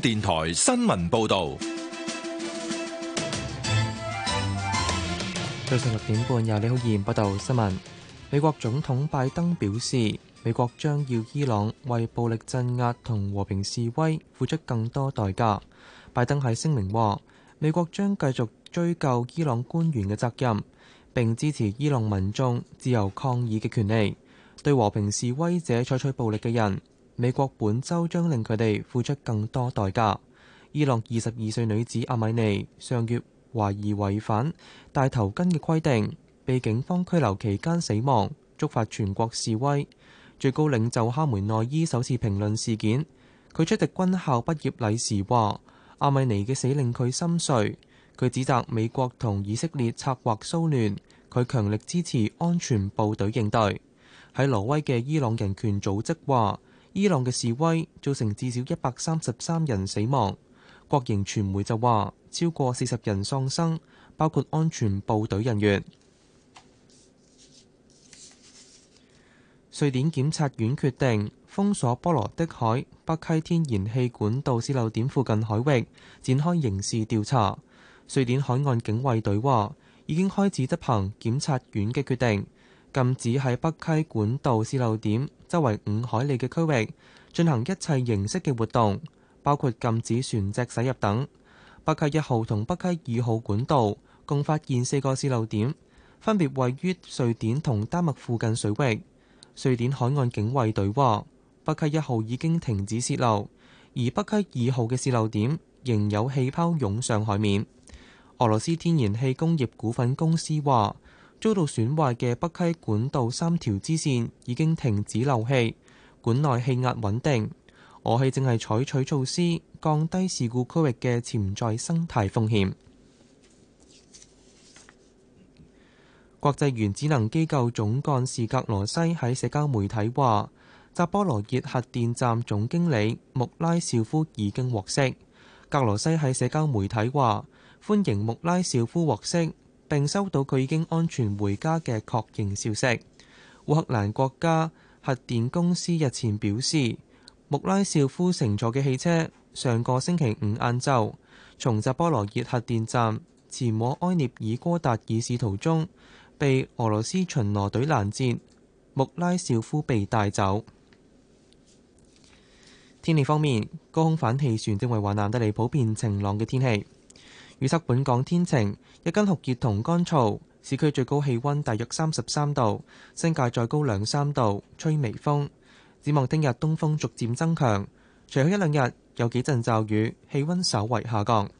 電台新聞報道，早上六點半由李浩賢報道新聞。美國總統拜登表示，美國將要伊朗為暴力鎮壓同和，和平示威付出更多代價。拜登喺聲明話，美國將繼續追究伊朗官員嘅責任，並支持伊朗民眾自由抗議嘅權利。對和平示威者採取暴力嘅人。美國本週將令佢哋付出更多代價。伊朗二十二歲女子阿米尼上月懷疑違反戴頭巾嘅規定，被警方拘留期間死亡，觸發全國示威。最高領袖哈梅內伊首次評論事件，佢出席軍校畢業禮時話：阿米尼嘅死令佢心碎。佢指責美國同以色列策劃騷亂。佢強力支持安全部隊應對。喺挪威嘅伊朗人權組織話。伊朗嘅示威造成至少一百三十三人死亡，國營傳媒就話超過四十人喪生，包括安全部隊人員。瑞典檢察院決定封鎖波羅的海北溪天然氣管道洩漏點附近海域，展開刑事調查。瑞典海岸警衛隊話已經開始執行檢察院嘅決定。禁止喺北溪管道洩漏點周圍五海里嘅區域進行一切形式嘅活動，包括禁止船隻駛入等。北溪一號同北溪二號管道共發現四個洩漏點，分別位於瑞典同丹麥附近水域。瑞典海岸警衛隊話，北溪一號已經停止洩漏，而北溪二號嘅洩漏點仍有氣泡湧上海面。俄羅斯天然氣工業股份公司話，遭到損壞嘅北溪管道三條支線已經停止漏氣，管內氣壓穩定。俄氣正係採取措施降低事故區域嘅潛在生態風險。 國際原子能機構總幹事格羅西喺社交媒體話，扎波羅熱核電站總經理穆拉少夫已經獲釋，格羅西喺社交媒體話歡迎穆拉少夫獲釋。並收到佢已經安全回家嘅確認消息。烏克蘭國家核電公司日前表示，穆拉少夫乘坐嘅汽車上個星期五晏晝，從扎波羅熱核電站前往埃涅爾哥達爾市途中，被俄羅斯巡邏隊攔截，穆拉少夫被帶走。天氣方面，高空反氣旋正為華南帶來普遍晴朗嘅天氣。預測本港天晴，一間酷熱同乾燥，市區最高氣溫大約三十三度，新界再高兩三度，吹微風。展望聽日東風逐漸增強，隨後一兩日有幾陣驟雨，氣溫稍為下降。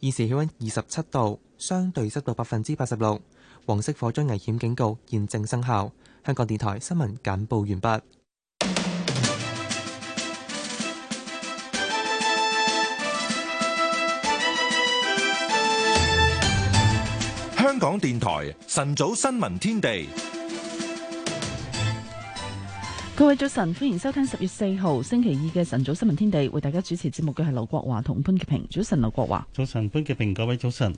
現時氣溫二十七度，相對濕度百分之八十六，黃色火災危險警告現正生效。香港電台新聞簡報完畢。港電台晨早新聞天地，各位早晨，歡迎收聽十月四號星期二嘅晨早新聞天地，為大家主持節目嘅係劉國華同潘潔平。早晨，劉國華，早晨，潘潔平，各位早晨。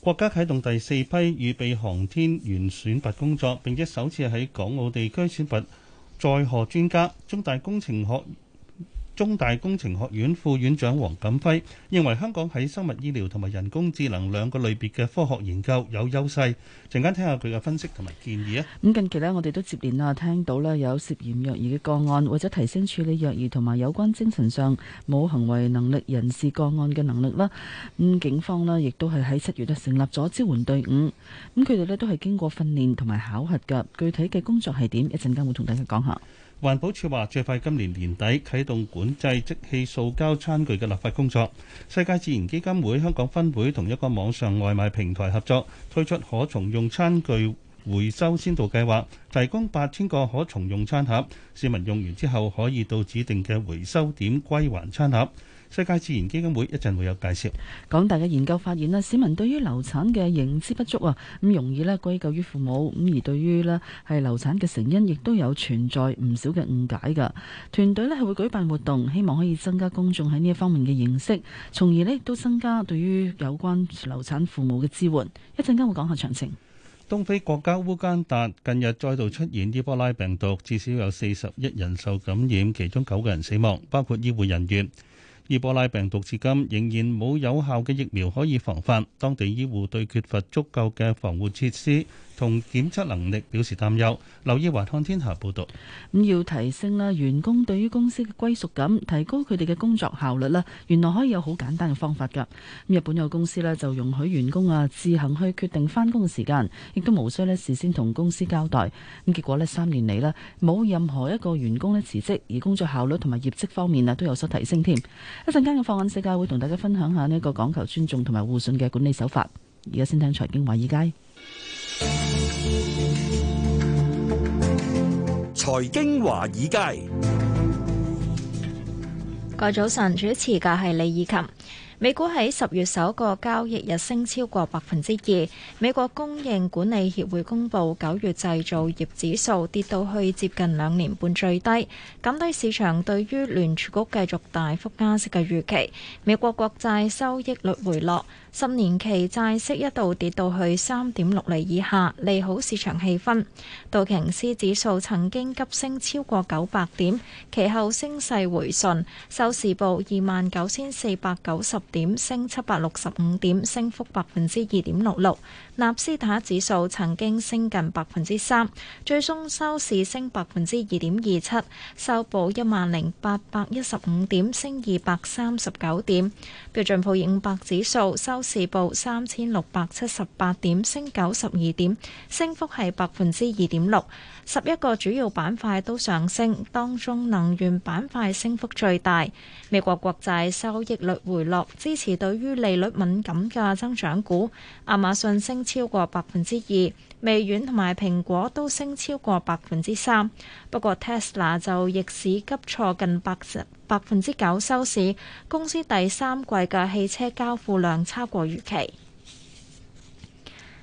國家啟動第四批預備航天員選拔工作，並且首次喺港澳地區選拔載荷專家、中大工程學。中大工程學院副院長黃錦輝認為，香港喺生物醫療同埋人工智能兩個類別嘅科學研究有優勢。陣間聽下佢嘅分析同埋建議啊！咁近期咧，我哋都接連啊聽到咧有涉嫌虐兒嘅個案，為咗提升處理虐兒同埋有關精神上冇行為能力人士個案嘅能力啦，咁警方咧亦都係喺七月啊成立咗支援隊伍。咁佢哋咧都係經過訓練同埋考核噶，具體嘅工作係點？一陣間會同大家講下。環保署話最快今年年底啟動管制即棄塑膠餐具嘅立法工作。世界自然基金會香港分會同一個網上外賣平台合作，推出可重用餐具回收先導計劃，提供八千個可重用餐盒，市民用完之後可以到指定嘅回收點歸還餐盒。世界自然基金會一陣會有介紹。港大嘅研究發現啦，市民對於流產嘅認知不足啊，咁容易咧歸咎於父母，咁而對於咧係流產嘅成因，亦都有存在唔少嘅誤解噶。團隊咧係會舉辦活動，希望可以增加公眾喺呢一方面嘅認識，從而咧都增加對於有關流產父母嘅支援。一陣間會講下詳情。東非國家烏干達近日再度出現伊波拉病毒，至少有四十一人受感染，其中九個人死亡，包括醫護人員。埃博拉病毒至今仍然冇有，有效嘅疫苗可以防範，當地醫護對缺乏足夠嘅防護設施同檢測能力表示擔憂。劉意華看天下報道。咁要提升咧員工對於公司嘅歸屬感，提高佢哋嘅工作效率啦，原來可以有好簡單嘅方法噶。日本有公司咧就容許員工啊自行去決定返工嘅時間，亦都無需咧事先同公司交代。咁結果咧三年嚟咧冇任何一個員工咧辭職，而工作效率同埋業績方面啊都有所提升添。一陣間嘅放眼世界會同大家分享下呢一個講求尊重同埋互信嘅管理手法。而家先聽財經華爾街。財經華爾街，個早晨主持嘅係李以琴。美股喺十月首個交易日升超過百分之二。美國供應管理協會公布九月製造業指數跌到去接近兩年半最低，減低市場對於聯儲局繼續大幅加息嘅預期。美國國債收益率回落。十年期債息一度跌到去三點六釐以下，利好市場氣氛。道瓊斯指數曾經急升超過九百點，其後升勢回順，收市報二萬九千四百九十點，升七百六十五點，升幅百分之二點六六。納斯達克指數曾經升近百分之三，最終收市升百分之二點二七，收報一萬零八百一十五點，升二百三十九點。標準普爾五百指數收時報三千六百七十八點，升九十二點，升幅係百分之二點六。十一個主要板塊都上升，當中能源板塊升幅最大。美國國債收益率回落，支持對於利率敏感嘅增長股。亞馬遜升超過百分之二，微軟同埋蘋果都升超過百分之三，不過 Tesla 就逆市急挫近百十。百分之九收市，公司第三季嘅汽車交付量超過預期。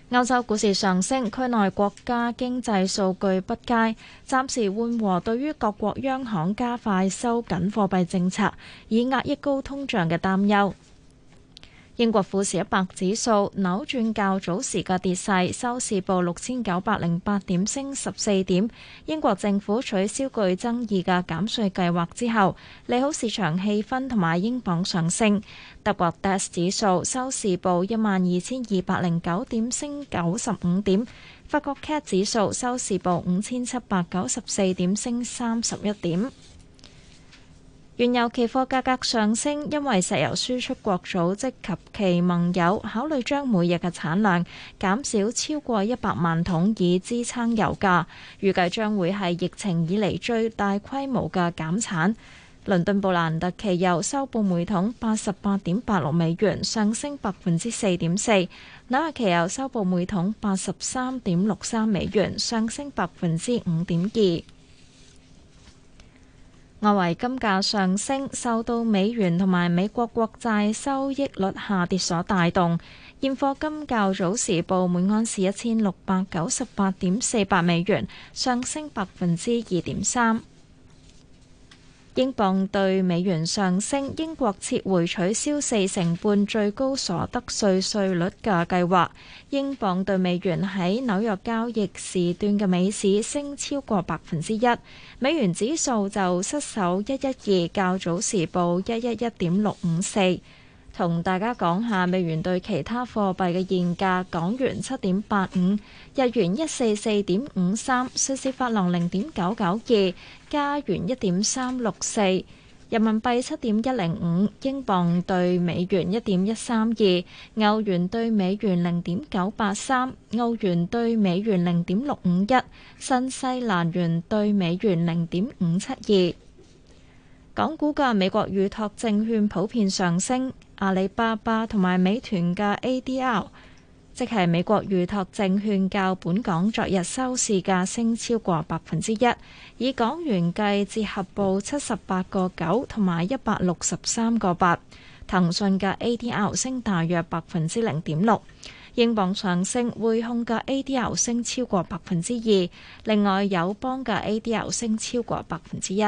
歐洲股市上升，區內國家經濟數據不佳，暫時緩和對於各國央行加快收緊貨幣政策以壓抑高通脹嘅擔憂。英國富時一百指數扭轉較早時嘅跌勢，收市報六千九百零八點，升十四點。英國政府取消具爭議嘅減稅計劃之後，利好市場氣氛同埋英鎊上升。德國 DAX 指數收市報一萬二千二百零九點，升九十五點。法國 CAC 指數收市報五千七百九十四點，升三十一點。原油期貨價格上升，因為石油輸出國組織及其盟友考慮將每日嘅產量減少超過一百萬桶，以支撐油價。預計將會係疫情以嚟最大規模嘅減產。倫敦布蘭特期油收報每桶八十八點八六美元，上升百分之四點四。紐約期油收報每桶八十三點六三美元，上升百分之五點二。外圍金價上升，受到美元同埋美國國債收益率下跌所帶動。現貨金較早時報每盎司一千六百九十八點四八美元，上升百分之二點三。英鎊對美元上升，英國撤回取消四成半最高所得稅稅率嘅計劃。英鎊對美元喺紐約交易時段嘅美市升超過百分之一，美元指數就失守一一二，較早時報一一一點六五四。同大家講下美元對其他貨幣嘅現價：港元七點八五，日元一四四點五三，瑞士法郎零點九九二，加元一點三六四，人民幣七點一零五，英鎊對美元一點一三二，歐元對美元零點九八三，澳元對美元零點六五一，新西蘭元對美元零點五七二。港股嘅美國預託證券普遍上升。阿里巴巴同埋美團嘅 ADR 即係美國預託證券較本港昨日收市價升超過百分之一，以港元計折合報七十八個九同埋一百六十三個八。騰訊嘅 ADR 升大約百分之零點六，英鎊上升匯控嘅 ADR 升超過百分之二，另外友邦嘅 ADR 升超過百分之一。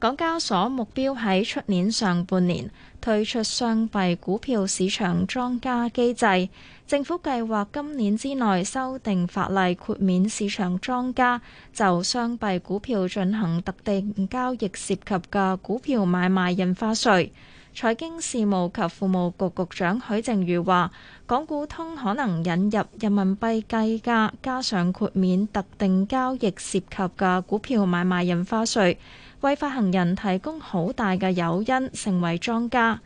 港交所目標喺出年上半年推出雙幣股票市場莊家機制。政府計劃今年之內修訂法例，豁免市場莊家就雙幣股票進行特定交易涉及嘅股票買賣印花稅。財經事務及庫務局局長許正宇話，港股通可能引入人民幣計價，加上豁免特定交易涉及嘅股票買賣印花稅。為發行人提供好大嘅誘因，成為莊家。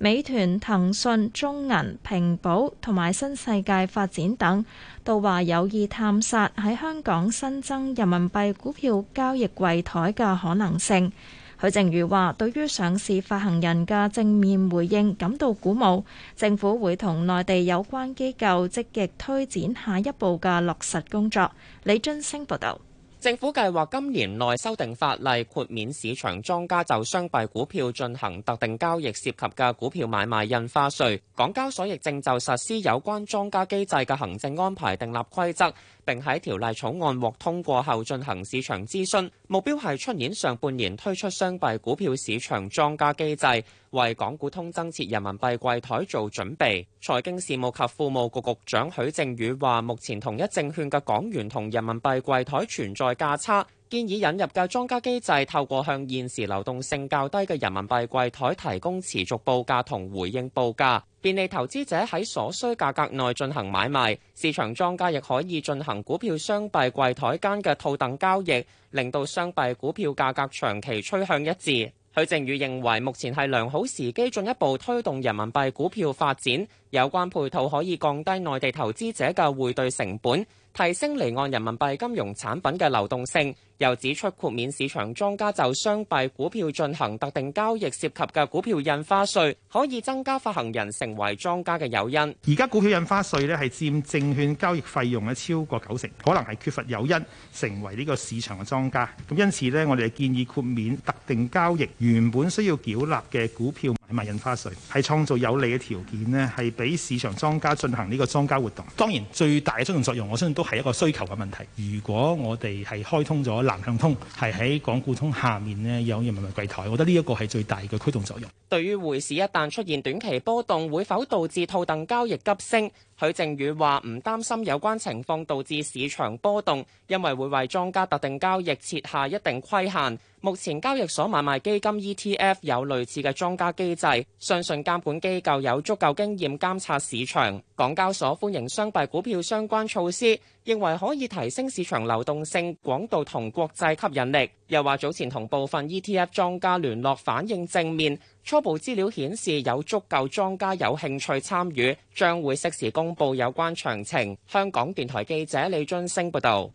美團、騰訊、中銀、平保同埋新世界發展等，都話有意探索喺香港新增人民幣股票交易櫃台嘅可能性。許正宇話：對於上市發行人嘅正面回應感到鼓舞，政府會同內地有關機構積極推展下一步嘅落實工作。李津升報道。政府計劃今年內修訂法例，豁免市場莊家就雙幣股票進行特定交易涉及嘅股票買賣印花稅。港交所亦正就實施有關莊家機制嘅行政安排訂立規則。並喺條例草案獲通過後進行市場諮詢，目標係出年上半年推出雙幣股票市場莊家機制，為港股通增設人民幣櫃台做準備。財經事務及庫務局局長許正宇話：目前同一證券嘅港元同人民幣櫃台存在價差。建議引入嘅莊家機制，透過向現時流動性較低嘅人民幣櫃台提供持續報價同回應報價，便利投資者喺所需價格內進行買賣。市場莊家亦可以進行股票雙幣櫃台間嘅套戥交易，令到雙幣股票價格長期趨向一致。許正宇認為，目前係良好時機，進一步推動人民幣股票發展。有關配套可以降低內地投資者嘅匯兌成本，提升離岸人民幣金融產品嘅流動性。又指出豁免市場莊家就雙幣股票進行特定交易涉及嘅股票印花稅，可以增加發行人成為莊家嘅誘因。而家股票印花稅咧係佔證券交易費用嘅超過九成，可能係缺乏誘因成為呢個市場嘅莊家。咁因此咧，我哋建議豁免特定交易原本需要繳納嘅股票埋印花稅，係創造有利嘅條件呢，係俾市場莊家進行呢個莊家活動。當然，最大嘅推動作用，我相信都係一個需求嘅問題。如果我哋係開通咗南向通，係喺港股通下面呢，有人民幣櫃台，我覺得呢一個係最大嘅驅動作用。對於匯市一旦出現短期波動，會否導致套戥交易急升？許正宇話：唔擔心有關情況導致市場波動，因為會為莊家特定交易設下一定規限。目前交易所買賣基金 ETF 有類似嘅莊家機制，相信監管機構有足夠經驗監察市場。港交所歡迎雙幣股票相關措施，認為可以提升市場流動性、廣度同國際吸引力。又話早前同部分 ETF 莊家聯絡，反映正面。初步資料顯示有足夠莊家有興趣參與，將會適時公布有關詳情。香港電台記者李俊升報導。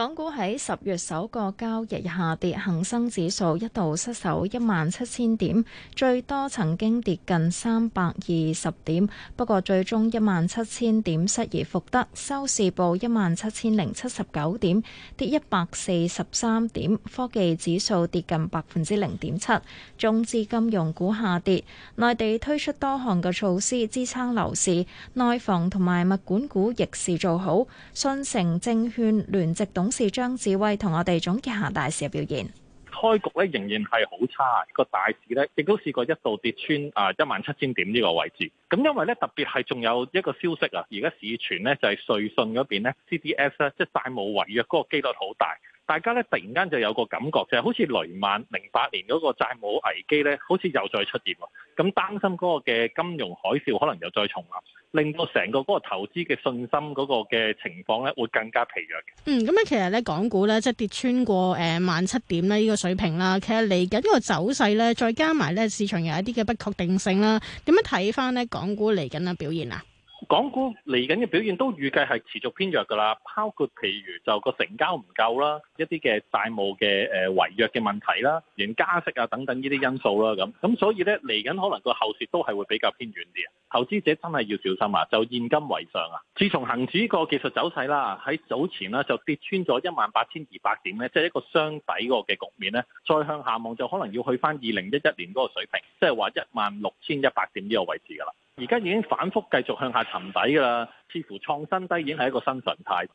港股喺十月首個交易日下跌，恒生指數一度失守一萬七千點，最多曾經跌近三百二十點。不過最終一萬七千點失而復得，收市報一萬七千零七十九點，跌一百四十三點。科技指數跌近百分之零點七，中資金融股下跌。內地推出多項嘅措施支撐樓市，內房同埋物管股逆市做好。信誠證券聯席董是張志威同我哋總結下大市嘅表現。開局咧仍然係好差，個大市咧亦都試過一度跌穿啊一萬七千點呢個位置。咁因為咧特別係仲有一個消息啊，而家市傳咧就係瑞信嗰邊咧 C D S 咧即係債務違約嗰個機率好大。大家咧突然間就有個感覺，就係好似雷曼零八年嗰個債務危機咧，好似又再出現喎。咁擔心嗰個嘅金融海嘯可能又再重臨，令到成個嗰個投資嘅信心嗰個嘅情況咧，會更加疲弱嘅。嗯，咁咧其實咧，港股咧即係跌穿過誒萬七點咧呢個水平啦。其實嚟緊個走勢咧，再加埋咧市場有一啲嘅不確定性啦。點樣睇翻咧？港股嚟緊嘅表現啊？港股嚟緊嘅表現都預計係持續偏弱噶啦，包括譬如就個成交唔夠啦，一啲嘅債務嘅誒違約嘅問題啦，連加息啊等等呢啲因素啦，咁咁所以咧嚟緊可能個後市都係會比較偏軟啲啊，投資者真係要小心啊，就現金為上啊。自從恆指個技術走勢啦，喺早前咧就跌穿咗一萬八千二百點咧，即係一個雙底個嘅局面咧，再向下望就可能要去翻二零一一年嗰個水平，即係話一萬六千一百點呢個位置噶啦。而家已經反覆繼續向下沉底噶啦，似乎創新低已經係一個新常態。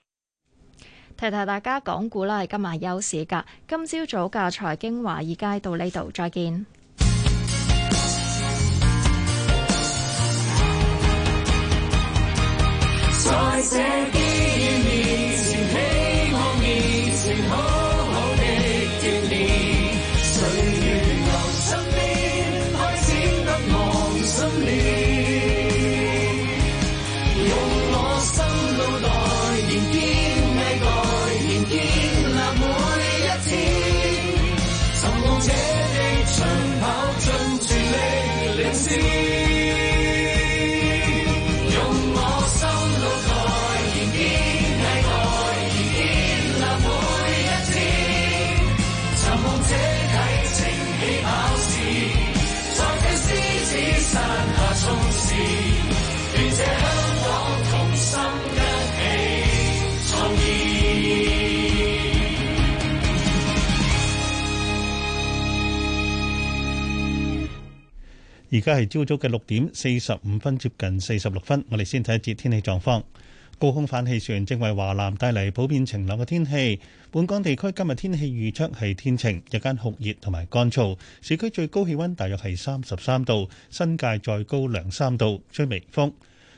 提提大家講股啦，係今日休市噶。今朝早嘅財經華爾街到呢度，再見。 而家係朝早嘅六點四十五分，接近四十六分，我哋先睇一節天氣狀況。高空反氣旋正為華南帶嚟普遍晴朗嘅天氣。本港地區今日天氣預測係天晴，日間酷熱同埋乾燥。市區最高氣溫大約係三十三度，新界再高兩三度，吹微風。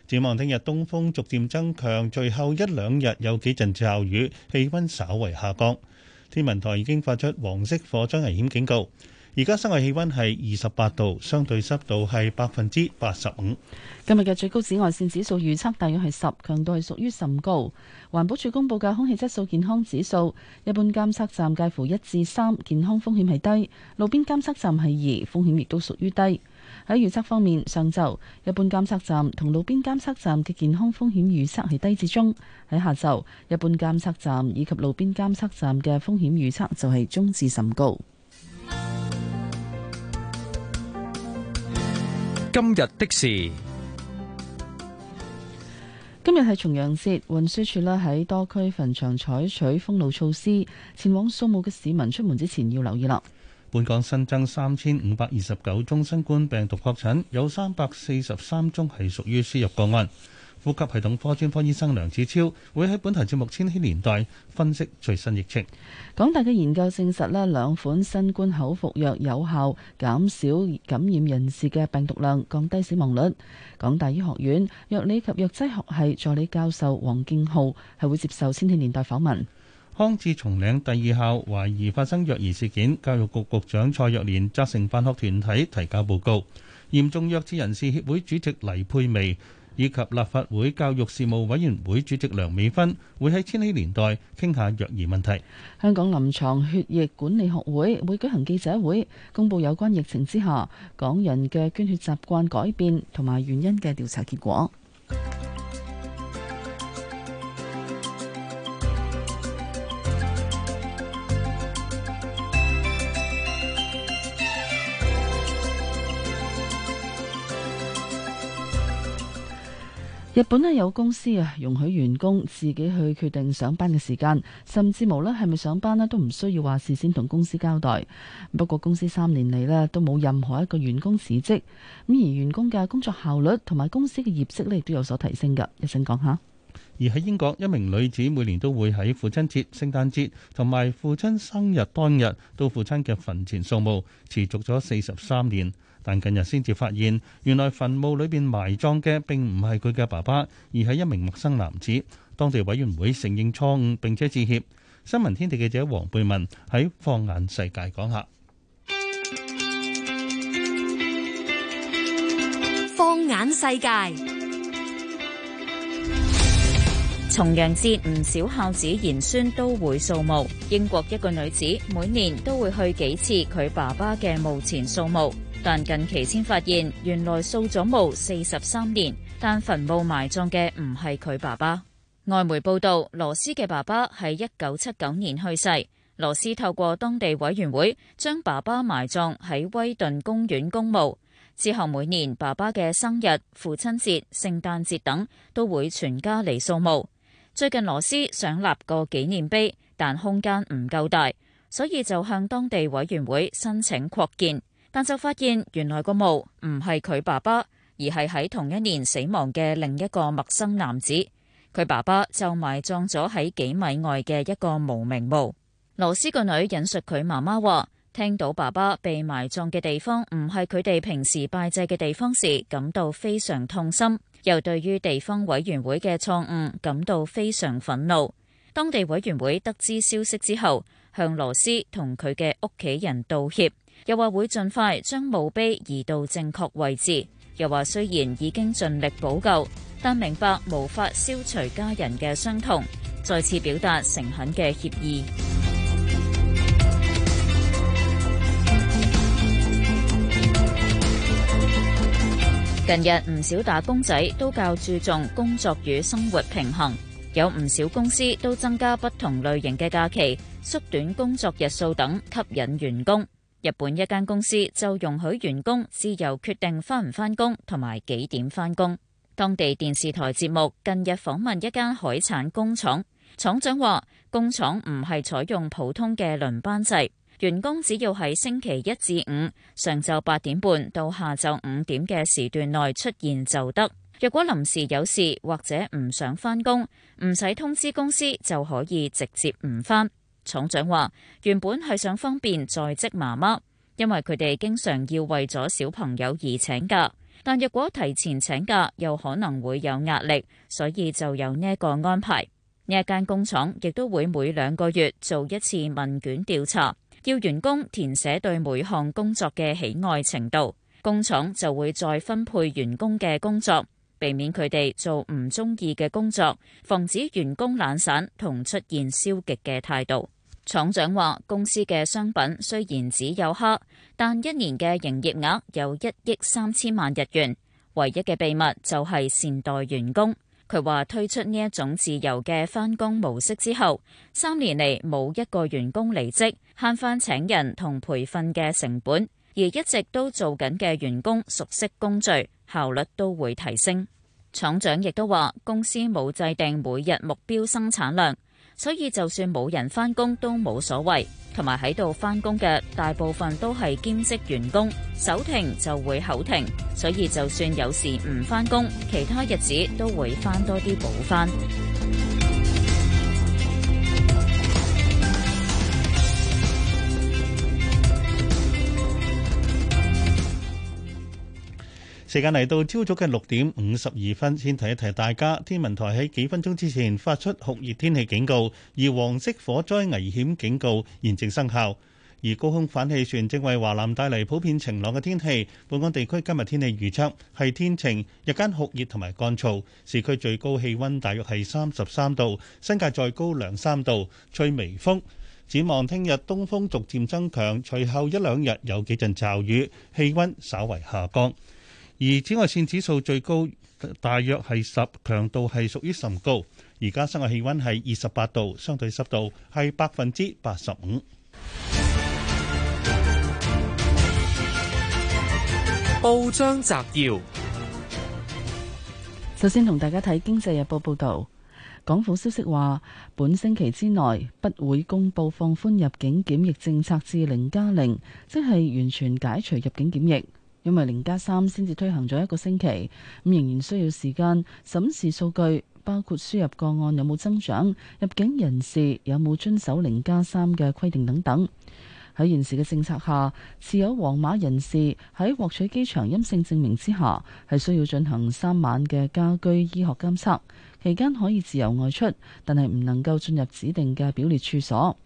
展望聽日東風逐漸增強，最後一兩日有幾陣驟雨，氣溫稍為下降。天文台已經發出黃色火災危險警告。而家室外氣溫係二十八度，相對濕度係百分之八十五。今日嘅最高紫外線指數預測大約係十，強度係屬於甚高。環保署公布嘅空氣質素健康指數，一般監測站介乎一至三，健康風險係低；路邊監測站係二，風險亦都屬於低。喺預測方面，上晝一般監測站同路邊監測站嘅健康風險預測係低至中；喺下晝一般監測站以及路邊監測站嘅風險預測就係中至甚高。今日的事，今日係重陽節，運輸署咧喺多區墳場採取封路措施，前往掃墓嘅市民出門之前要留意啦。本港新增三千五百二十九宗新冠病毒確診，有三百四十三宗係屬於輸入個案。呼吸系統科專科醫生梁子超會喺本台節目《千禧年代》分析最新疫情。港大嘅研究證實咧，兩款新冠口服藥有效減少感染人士嘅病毒量，降低死亡率。港大醫學院藥理及藥劑學系助理教授黃敬浩係會接受《千禧年代》訪問。匡智松嶺第二校懷疑發生虐兒事件，教育局局長蔡若蓮責成辦學團體提交報告。嚴重弱智人士協會主席黎佩薇，以及立法會教育事務委員會主席梁美芬會喺千禧年代傾下育兒問題。香港臨床血液管理學會會舉行記者會，公布有關疫情之下港人嘅捐血習慣改變同埋原因嘅調查結果。日本呢有公司啊，容許員工自己去決定上班嘅時間，甚至無論係咪上班咧都唔需要話事先同公司交代。不過公司三年嚟，咧都冇任何一個員工辭職，咁而員工嘅工作效率同埋公司嘅業績咧亦都有所提升噶。一聲講下。而喺英國，一名女子每年都會喺父親節、聖誕節同埋父親生日當日到父親嘅墳前掃墓，持續咗四十三年。但近日先至發現，原來墳墓裏邊埋葬嘅並唔係佢嘅爸爸，而係一名陌生男子。當地委員會承認錯誤，並且致歉。新聞天地記者黃貝文喺放眼世界講下。放眼世界，重陽節唔少孝子賢孫都會掃墓。英國一個女子每年都會去幾次佢爸爸嘅墓前掃墓。但近期先發現，原來掃咗墓四十三年，但墳墓埋葬嘅唔係佢爸爸。外媒報道，羅斯嘅爸爸喺一九七九年去世。羅斯透過當地委員會將爸爸埋葬喺威頓公園公墓之後，每年爸爸嘅生日、父親節、聖誕節等都會全家嚟掃墓。最近羅斯想立個紀念碑，但空間唔夠大，所以就向當地委員會申請擴建。但就發現，原來個墓唔係佢爸爸，而係喺同一年死亡嘅另一個陌生男子。佢爸爸就埋葬咗喺幾米外嘅一個無名墓。羅斯個女引述佢媽媽話，聽到爸爸被埋葬嘅地方唔係佢哋平時拜祭嘅地方時，感到非常痛心，又對於地方委員會嘅錯誤感到非常憤怒。當地委員會得知消息之後，向羅斯同佢嘅屋企人道歉。又話會盡快將墓碑移到正確位置。又話雖然已經盡力補救，但明白無法消除家人嘅傷痛，再次表達誠懇嘅歉意。 近日唔少打工仔都較注重工作與生活平衡，有唔少公司都增加不同類型嘅假期、縮短工作日數等，吸引員工。日本一間公司就容許員工自由決定翻唔翻工同埋幾點翻工。當地電視台節目近日訪問一間海產工廠，廠長話：工廠唔係採用普通嘅輪班制，員工只要喺星期一至五上晝八點半到下晝五點嘅時段內出現就得。若果臨時有事或者唔想翻工，唔使通知公司就可以直接唔翻。廠長話：原本係想方便在職媽媽，因為佢哋經常要為咗小朋友而請假。但若果提前請假，又可能會有壓力，所以就有呢一個安排。呢一間工廠亦都會每兩個月做一次問卷調查，要員工填寫對每項工作嘅喜愛程度。工廠就會再分配員工嘅工作，避免佢哋做唔中意嘅工作，防止員工懶散同出現消極嘅態度。廠長話：公司嘅商品雖然只有黑，但一年嘅營業額有一億三千萬日元。唯一嘅秘密就係善待員工。佢話推出呢一種自由嘅返工模式之後，三年嚟冇一個員工離職，慳翻請人同培訓嘅成本，而一直都做緊嘅員工熟悉工序，效率都會提升。廠長亦都話公司冇制定每日目標生產量。所以就算冇人返工都冇所謂，同埋喺度返工嘅大部分都係兼職員工，手停就會口停，所以就算有時唔返工，其他日子都會返多啲補返。時間嚟到朝早嘅六點五十二分，先提一提大家。天文台喺幾分鐘之前發出酷熱天氣警告，而黃色火災危險警告現正生效。而高空反氣旋正為華南帶嚟普遍晴朗嘅天氣。本港地區今日天氣預測係天晴，日間酷熱同埋乾燥，市區最高氣温大約係三十三度，新界再高兩三度，吹微風。展望聽日東風逐漸增強，隨後一兩日有幾陣驟雨，氣温稍為下降。而紫外線指數最高大約係十，強度係屬於甚高。而家室外氣温係二十八度，相對濕度係百分之八十五。報章摘要，首先同大家睇《經濟日報》報導，港府消息話，本星期之內不會公布放寬入境檢疫政策至零加零，0, 即係完全解除入境檢疫。因為零加三先至推行咗一個星期，仍然需要時間審視數據，包括輸入個案有冇增長、入境人士有冇遵守零加三嘅規定等等。喺現時嘅政策下，持有黃碼人士喺獲取機場陰性證明之下，係需要進行三晚嘅家居醫學監測，期間可以自由外出，但係唔能夠進入指定嘅表列處所。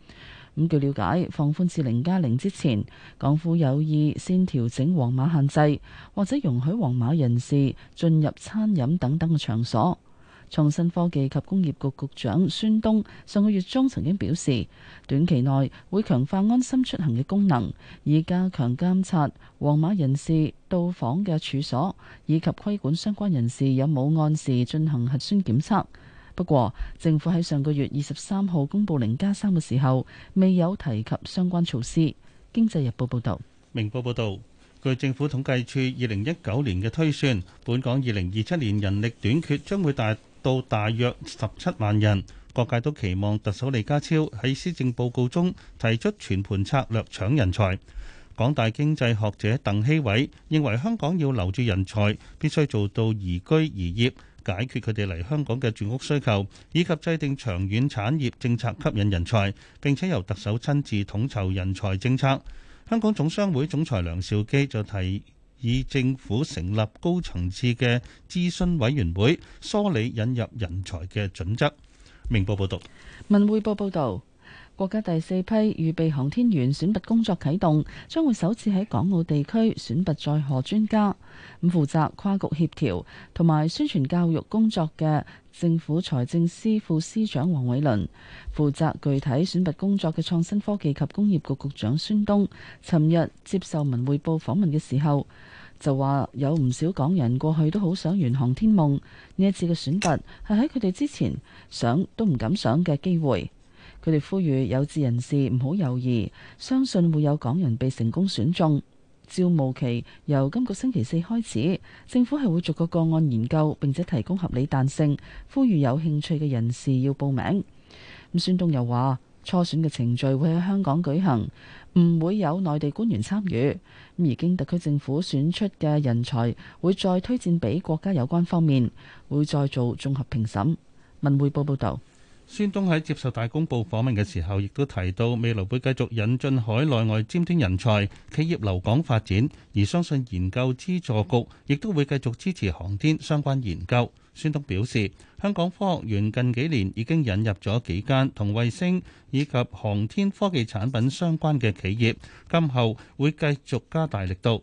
咁據了解，放寬至零加零之前，港府有意先調整黃碼限制，或者容許黃碼人士進入餐飲等等嘅場所。創新科技及工業局局局長孫東上個月中曾經表示，短期內會強化安心出行嘅功能，以加強監察黃碼人士到訪嘅處所，以及規管相關人士有冇按時進行核酸檢測。不過，政府喺上個月二十三號公布零加三嘅時候，未有提及相關措施。經濟日報報道，明報報道，據政府統計處二零一九年嘅推算，本港二零二七年人力短缺將會達到大約十七萬人。各界都期望特首李家超喺施政報告中提出全盤策略搶人才。港大經濟學者鄧希偉認為，香港要留住人才，必須做到宜居宜業。解決佢哋嚟香港嘅住屋需求，以及制定長遠產業政策吸引人才，並且由特首親自統籌人才政策。香港總商會總裁梁兆基就提議政府成立高層次嘅諮詢委員會，梳理引入人才嘅準則。明報報道。文匯報報導。國家第四批預備航天員選拔工作啟動，將會首次喺港澳地區選拔載荷專家。咁負責跨局協調同埋宣傳教育工作嘅政府財政司副司長黃偉綸，負責具體選拔工作嘅創新科技及工業局局局長孫東，尋日接受文匯報訪問嘅時候，就話有唔少港人過去都好想圓航天夢，呢一次嘅選拔係喺佢哋之前想都唔敢想嘅機會。佢哋呼籲有志人士唔好猶豫，相信會有港人被成功選中。招募期由今個星期四開始，政府係會逐個個案研究並且提供合理彈性，呼籲有興趣嘅人士要報名。咁孫東又話，初選嘅程序會喺香港舉行，唔會有內地官員參與。而經特區政府選出嘅人才，會再推薦俾國家有關方面，會再做綜合評審。文匯報報道。孫東喺接受《大公報》訪問嘅時候，亦都提到未來會繼續引進海內外尖端人才，企業留港發展，而相信研究資助局亦都會繼續支持航天相關研究。孫東表示，香港科學園近幾年已經引入咗幾間同衛星以及航天科技產品相關嘅企業，今後會繼續加大力度。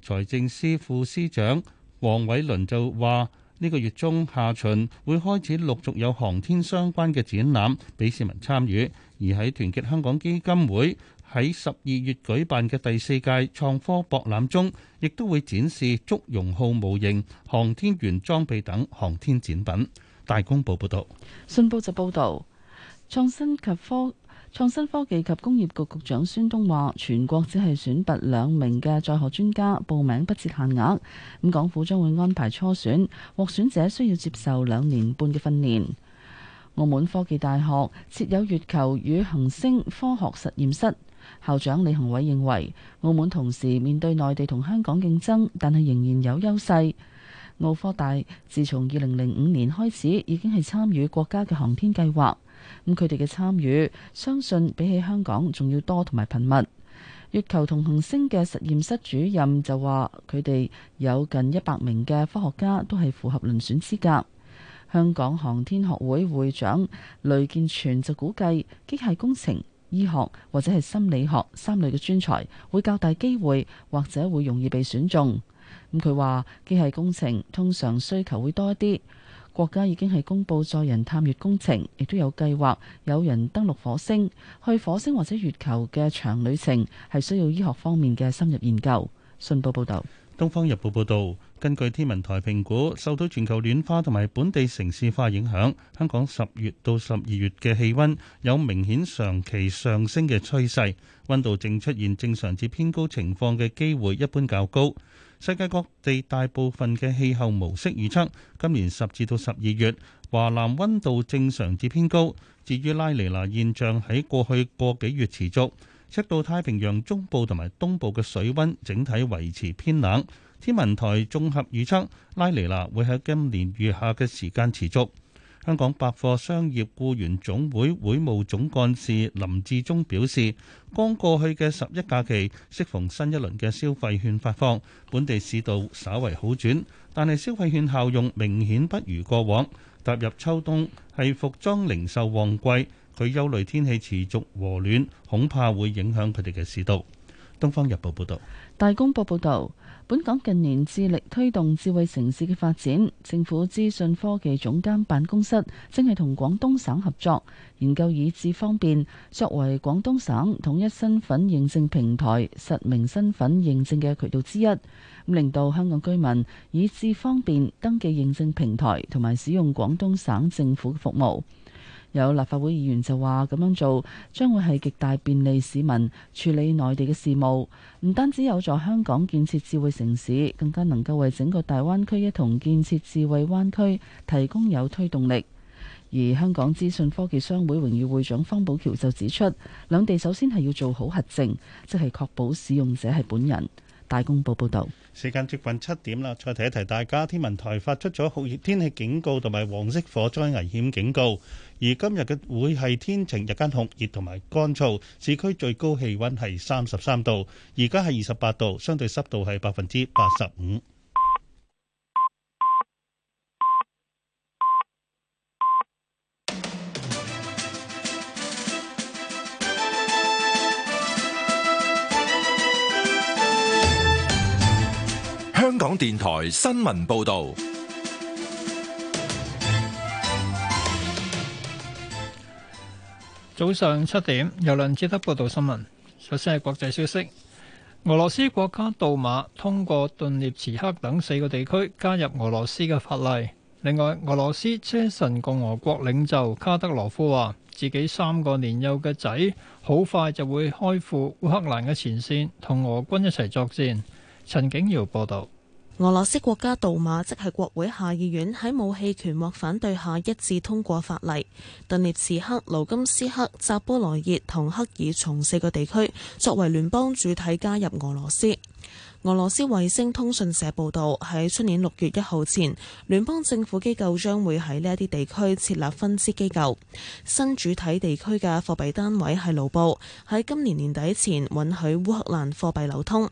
財政司副司長黃偉綸就話。呢個月中下旬會開始陸續有航天相關嘅展覽俾市民參與，而喺團結香港基金會喺十二月舉辦嘅第四屆創科博覽中，亦都會展示祝融號模型、航天員裝備等航天展品。大公報報道，信報就報導創新及科。創新科技及工業局局長孫東話：全國只係選拔兩名嘅在學專家，報名不設限額。咁港府將會安排初選，獲選者需要接受兩年半嘅訓練。澳門科技大學設有月球與行星科學實驗室，校長李行偉認為，澳門同時面對內地同香港競爭，但係仍然有優勢。澳科大自從二零零五年開始，已經係參與國家嘅航天計劃。咁佢哋嘅參與，相信比起香港仲要多同埋頻密。月球同行星嘅實驗室主任就話，佢哋有近一百名嘅科學家都係符合遴選資格。香港航天學會會長雷建全就估計，機械工程、醫學或者係心理學三類嘅專才會較大機會，或者會容易被選中。咁佢話，機械工程通常需求會多一啲。國家已經係公布載人探月工程，亦都有計劃有人登陸火星，去火星或者月球嘅長旅程係需要醫學方面嘅深入研究。信報報道，東方日報報道。根據天文台評估，受到全球暖化同埋本地城市化影響，香港十月到十二月嘅氣温有明顯長期上升嘅趨勢，温度正出現正常至偏高情況嘅機會一般較高。世界各地大部分嘅氣候模式預測，今年十至到十二月，華南温度正常至偏高。至於拉尼娜現象喺過去個幾月持續，赤道太平洋中部同埋東部嘅水温整體維持偏冷。天文台綜合預測，拉尼娜會喺今年餘下嘅時間持續。香港百貨商業僱員總會會務總幹事林志忠表示，剛過去嘅十一假期，適逢新一輪嘅消費券發放，本地市道稍為好轉，但係消費券效用明顯不如過往。踏入秋冬，係服裝零售旺季，佢憂慮天氣持續和暖，恐怕會影響佢哋嘅市道。東方日報報道，大公報報道。本港近年致力推動智慧城市嘅發展，政府資訊科技總監辦公室正係同廣東省合作，研究以智方便作為廣東省統一身份認證平台實名身份認證嘅渠道之一，令到香港居民以智方便登記認證平台同埋使用廣東省政府嘅服務。有立法會議員就話：咁樣做將會係極大便利市民處理內地嘅事務，唔單止有助香港建設智慧城市，更加能夠為整個大灣區一同建設智慧灣區提供有推動力。而香港資訊科技商會榮譽會長方寶橋就指出，兩地首先係要做好核證，即係確保使用者係本人。大公報報道：「時間接近七點啦，再提一提大家，天文台發出咗酷熱天氣警告同埋黃色火災危險警告。而今日嘅會係天晴，日間酷熱同埋乾燥，市區最高氣溫係三十三度，而家係二十八度，相對濕度係百分之八十五。香港電台新聞報導。早上七點，有亮捷得報道新聞。首先係國際消息，俄羅斯國家杜馬通過頓涅茨克等四個地區加入俄羅斯嘅法例。另外，俄羅斯車臣共和國領袖卡德羅夫話，自己三個年幼嘅仔好快就會開赴烏克蘭嘅前線，同俄軍一齊作戰。陳景堯報道。俄羅斯國家杜馬即係國會下議院喺無棄權或反對下一致通過法例，頓涅茨克、盧甘斯克、扎波羅熱同克爾松四個地區作為聯邦主體加入俄羅斯。俄羅斯衛星通訊社報道，喺出年六月一號前，聯邦政府機構將會喺呢一啲地區設立分支機構。新主體地區嘅貨幣單位係盧布，喺今年年底前允許烏克蘭貨幣流通。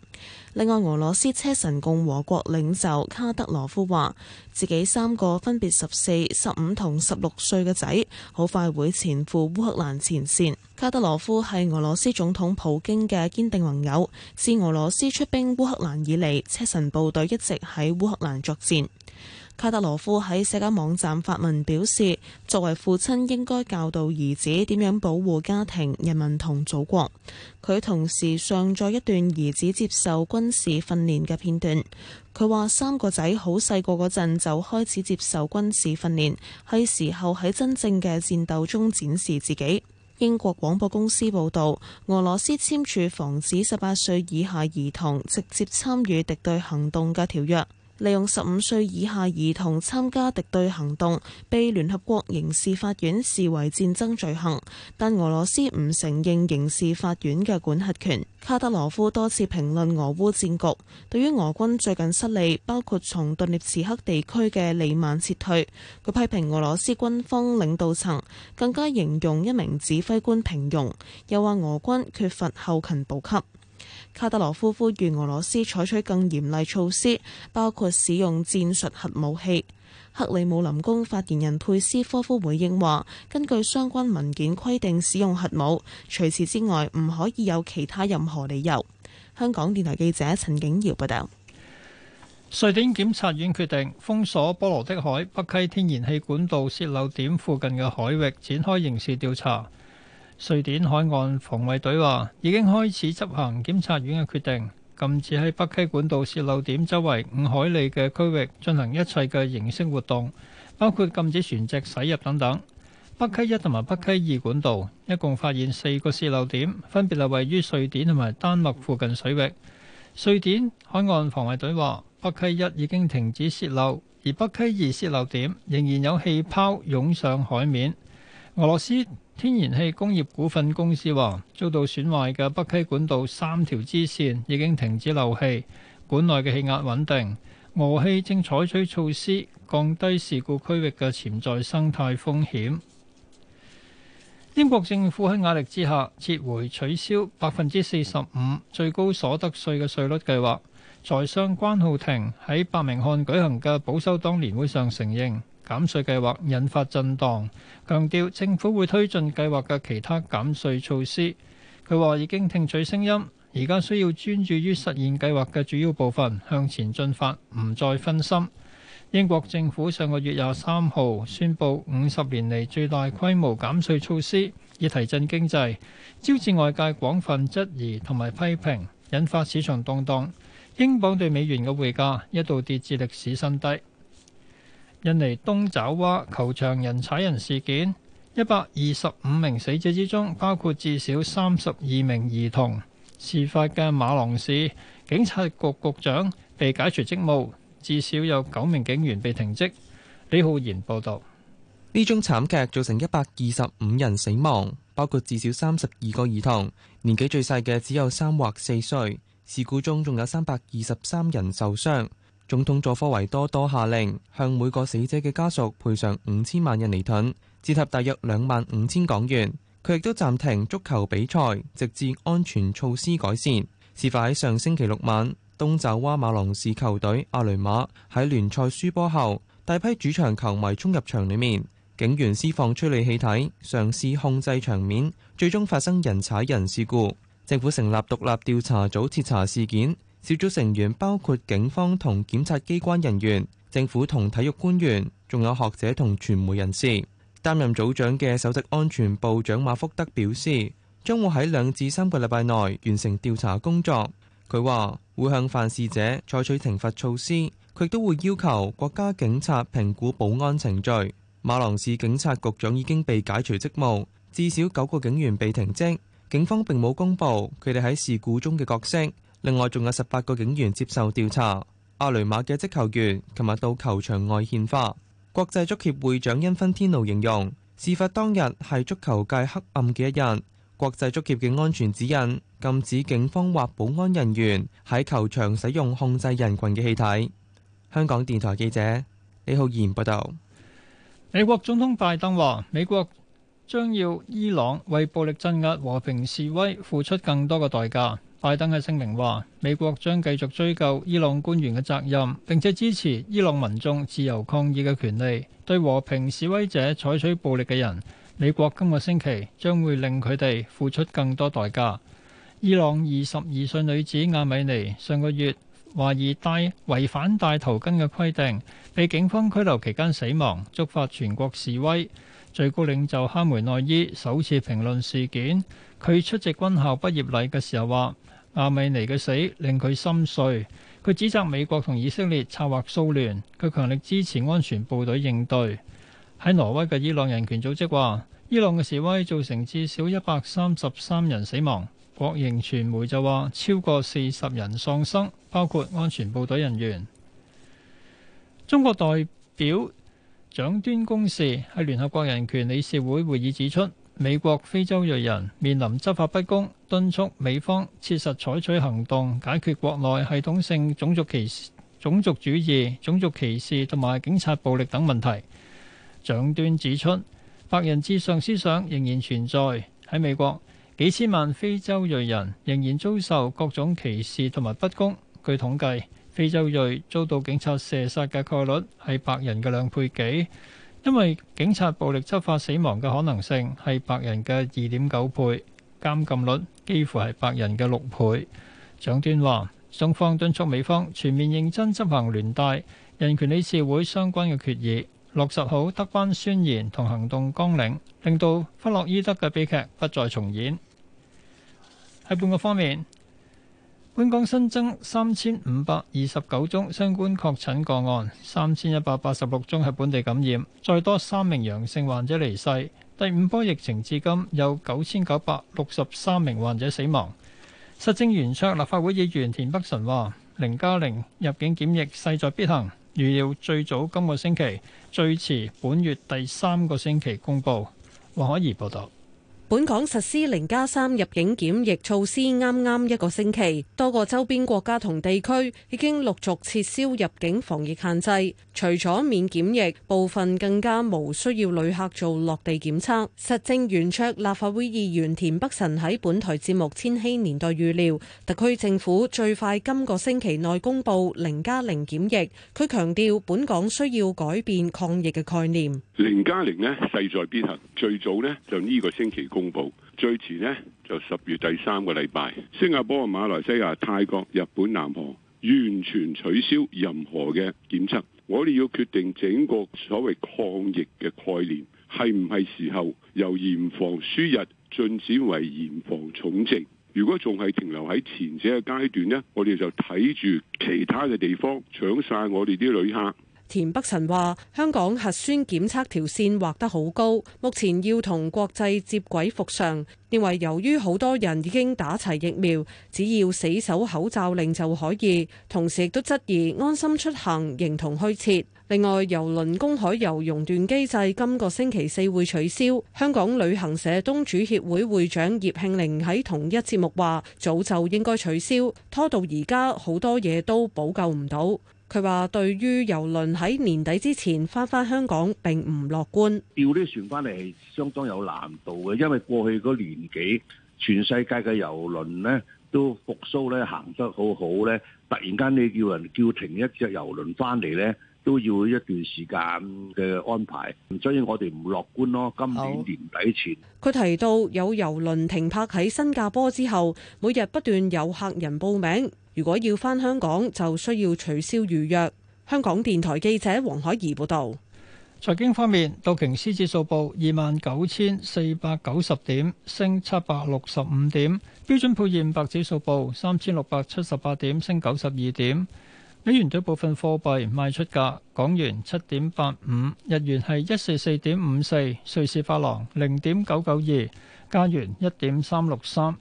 另外，俄羅斯車臣共和國領袖卡德羅夫話，自己三個分別十四、十五同十六歲嘅仔，好快會前赴烏克蘭前線。卡德羅夫係俄羅斯總統普京嘅堅定盟友。自俄羅斯出兵烏克蘭以嚟，車臣部隊一直喺烏克蘭作戰。卡德羅夫喺社交網站發文表示，作為父親應該教導兒子點樣保護家庭、人民同祖國。佢同時上載一段兒子接受軍事訓練嘅片段。佢話三個仔好細個嗰陣就開始接受軍事訓練，係時候喺真正嘅戰鬥中展示自己。英國廣播公司報導，俄羅斯簽署防止十八歲以下兒童直接參與敵對行動嘅條約。利用十五歲以下兒童參加敵對行動，被聯合國刑事法院視為戰爭罪行，但俄羅斯唔承認刑事法院嘅管轄權。卡德羅夫多次評論俄烏戰局，對於俄軍最近失利，包括從頓涅茨克地區嘅利曼撤退，佢批評俄羅斯軍方領導層，更加形容一名指揮官平庸，又話俄軍缺乏後勤補給。卡德羅夫呼籲俄羅斯採取更嚴厲措施，包括使用戰術核武器。克里姆林宮發言人佩斯科夫回應話，根據相關文件規定，使用核武，除此之外唔可以有其他任何理由。香港電台記者陳景堯報道。瑞典檢察院決定封鎖波羅的海北溪天然氣管道泄漏點附近嘅海域，展開刑事調查。瑞典海岸防衛隊話已經開始執行檢察院嘅決定，禁止喺北溪管道泄漏點周圍五海里嘅區域進行一切嘅形式活動，包括禁止船隻駛入等等。北溪一同埋北溪二管道一共發現四個泄漏點，分別係位於瑞典同埋丹麥附近水域。瑞典海岸防衛隊話北溪一已經停止泄漏，而北溪二泄漏點仍然有氣泡湧上海面。俄羅斯天然氣工業股份公司話：遭到損壞嘅北溪管道三條支線已經停止漏氣，管內嘅氣壓穩定。俄氣正採取措施降低事故區域嘅潛在生態風險。英國政府喺壓力之下撤回取消百分之四十五最高所得稅嘅稅率計劃。財相關浩庭喺伯明翰舉行嘅保守黨年會上承認，減稅計劃引發震盪，強調政府會推進計劃嘅其他減稅措施。佢話已經聽取聲音，而家需要專注於實現計劃嘅主要部分，向前進發，唔再分心。英國政府上個月廿三號宣布五十年嚟最大規模減稅措施，以提振經濟，招致外界廣泛質疑同埋批評，引發市場動盪。英鎊對美元嘅匯價一度跌至歷史新低。印尼東爪哇球場人踩人事件，一百二十五名死者之中，包括至少三十二名兒童。事發嘅馬朗市警察局局長被解除職務，至少有九名警員被停職。李浩然報道：呢宗慘劇造成一百二十五人死亡，包括至少三十二個兒童，年紀最細嘅只有三或四歲。事故中仲有三百二十三人受傷。總統佐科維多多下令向每個死者嘅家屬賠償五千萬印尼盾，折合大約兩萬五千港元。佢亦都暫停足球比賽，直至安全措施改善。事發喺上星期六晚，東爪哇瑪琅市球隊阿雷馬喺聯賽輸波後，大批主場球迷衝入場裡面，警員施放催淚氣體，嘗試控制場面，最終發生人踩人事故。政府成立獨立調查組徹查事件。小組成員包括警方同檢察機關人員、政府同體育官員，仲有學者同傳媒人士。擔任組長嘅首席安全部長馬福德表示，將會喺兩至三個禮拜內完成調查工作。佢話會向犯事者採取懲罰措施，佢都會要求國家警察評估保安程序。馬郎市警察局長已經被解除職務，至少九個警員被停職。警方並冇公布佢哋喺事故中嘅角色。另外，仲有十八個警員接受調查。阿雷馬嘅職球員琴日到球場外獻花。國際足協會長恩芬天奴形容事發當日係足球界黑暗嘅一日。國際足協嘅安全指引禁止警方或保安人員喺球場使用控制人群嘅氣體。香港電台記者李浩然報道，美國總統拜登話：美國將要伊朗為暴力鎮壓和平示威付出更多嘅代價。拜登嘅聲明話：美國將繼續追究伊朗官員嘅責任，並且支持伊朗民眾自由抗議嘅權利。對和平示威者採取暴力嘅人，美國今個星期將會令佢哋付出更多代價。伊朗二十二歲女子阿米尼上個月懷疑戴違反戴頭巾嘅規定，被警方拘留期間死亡，觸發全國示威。最高領袖哈梅內伊首次評論事件，佢出席軍校畢業禮嘅時候話：阿米尼嘅死令佢心碎。佢指責美國同以色列策劃騷亂。佢強力支持安全部隊應對。喺挪威嘅伊朗人權組織話：伊朗嘅示威造成至少一百三十三人死亡。國營傳媒就話超過四十人喪生，包括安全部隊人員。中國代表。長端公示喺聯合國人權理事會會議指出，美國非洲裔人面臨執法不公，敦促美方切實採取行動，解決國內系統性種族歧視、種族主義、種族歧視同埋警察暴力等問題。長端指出，白人至上思想仍然存在喺美國，幾千萬非洲裔人仍然遭受各種歧視同埋不公。據統計。非洲裔遭到警察射殺嘅概率係白人嘅兩倍幾，因為警察暴力執法死亡嘅可能性係白人嘅二點九倍，監禁率幾乎係白人嘅六倍。蔣端話：中方敦促美方全面認真執行聯大人權理事會相關嘅決議，落實好德班宣言同行動綱領，令到弗洛伊德嘅悲劇不再重演。喺半個方面。本港新增三千五百二十九宗相關確診個案，三千一百八十六宗係本地感染，再多三名陽性患者離世。第五波疫情至今有九千九百六十三名患者死亡。實政圓桌立法會議員田北辰話：零加零入境檢疫勢在必行，預料最早今個星期，最遲本月第三個星期公佈。黃海怡報導。本港實施零加三入境檢疫措施啱啱一個星期，多個周邊國家同地區已經陸續撤銷入境防疫限制。除咗免檢疫，部分更加無需要旅客做落地檢測。實政圓桌立法會議員田北辰喺本台節目《千禧年代》預料，特區政府最快今個星期內公布零加零檢疫。佢強調，本港需要改變抗疫嘅概念。零加零呢，勢在必行，最早呢，就呢個星期。公布最遲呢，就十月第三個禮拜。新加坡、馬來西亞、泰國、日本、南韓完全取消任何嘅檢測。我哋要決定整個所謂抗疫嘅概念係唔係時候由嚴防輸入進展為嚴防重症。如果仲係停留喺前者嘅階段呢，我哋就睇住其他嘅地方搶晒我哋啲旅客。田北辰話：香港核酸檢測條線畫得好高，目前要同國際接軌復常。認為由於好多人已經打齊疫苗，只要死守口罩令就可以。同時亦都質疑安心出行形同虛設。另外，郵輪公海遊熔斷機制今個星期四會取消。香港旅行社東主協會會長葉慶玲喺同一節目話：早就應該取消，拖到而家好多嘢都補救唔到。佢話：對於遊輪喺年底之前翻返香港並唔樂觀。調啲船翻嚟係相當有難度嘅，因為過去嗰年幾全世界嘅遊輪呢都復甦咧行得好好咧，突然間你叫人叫停一隻遊輪翻嚟咧。都要一段時間嘅安排，所以我哋唔樂觀咯。今年年底前，佢好提到有郵輪停泊喺新加坡之後，每日不斷有客人報名。如果要翻香港，就需要取消預約。香港電台記者黃海怡報道。財 經方面，道瓊斯指數報二萬九千四百九十點，升七百六十五點；標準普爾五百指數報三千六百七十八點，升九十二點。美元對部分貨幣賣出價：港元七點八五，日元係一四四點五四，瑞士法郎零點九九二，加元一點三六三，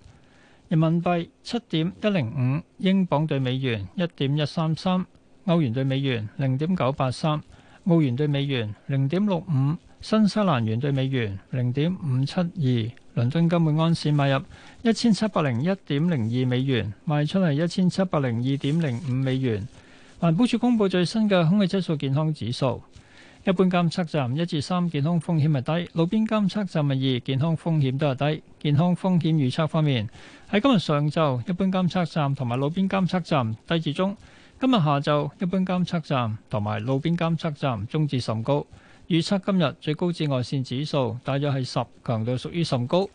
人民幣七點一零五，英鎊兌美元一點一三三，歐元兌美元零點九八三，澳元兌美元零點六五，新西蘭元兌美元零點五七二。倫敦金每盎司買入一千七百零一點零二美元，賣出係一千七百零二點零五美元。環保署公布最新嘅空氣質素健康指數，一般監測站一至三健康風險係低，路邊監測站係二健康風險都係低。健康風險預測方面，喺今日上晝，一般監測站同埋路邊監測站低至中；今日下晝，一般監測站同埋路邊監測站中至甚高。預測今日最高紫外線指數大約係十，強度屬於甚高。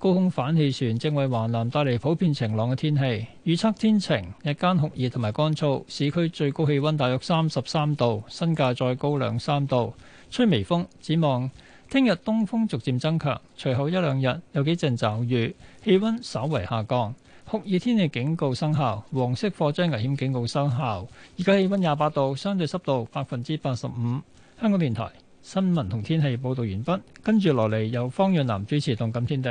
高空反氣旋正為華南帶嚟普遍晴朗嘅天氣，預測天晴，日間酷熱同埋乾燥，市區最高氣温大約三十三度，新界再高兩三度，吹微風。展望聽日東風逐漸增強，隨後一兩日有幾陣驟雨，氣温稍為下降。酷熱天氣警告生效，黃色火災危險警告生效。而家氣温廿八度，相對濕度百分之八十五。香港電台新聞同天氣報導完畢，跟住落嚟由方遠南主持《動感天地》。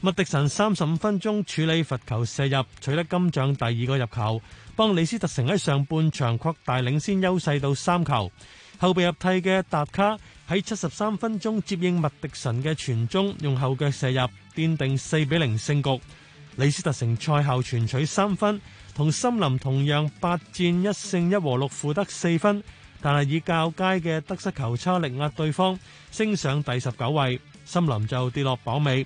麥迪臣三十五分鐘處理罰球射入，取得今仗第二個入球，幫李斯特城喺上半場擴大領先優勢到三球。後備入替嘅達卡喺七十三分鐘接應麥迪臣嘅傳中，用後腳射入，奠定四比零勝局。李斯特城賽後全取三分，同森林同樣八戰一勝一和六負得四分，但係以較佳嘅得失球差力壓對方，升上第十九位。森林就跌落榜尾。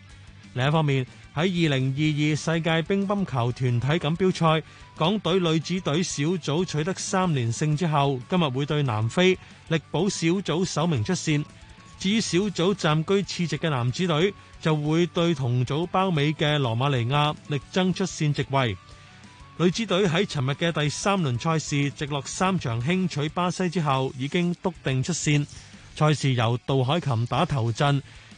另一方面，喺二零二二世界乒乓球團體錦標賽港隊女子隊小組取得三連勝之後，今日會對南非力保小組首名出線。至於小組暫居次席嘅男子隊，就會對同組包尾嘅羅馬尼亞力爭出線席位。女子隊喺尋日嘅第三輪賽事直落三場輕取巴西之後已經篤定出線，賽事由杜海琴打頭陣。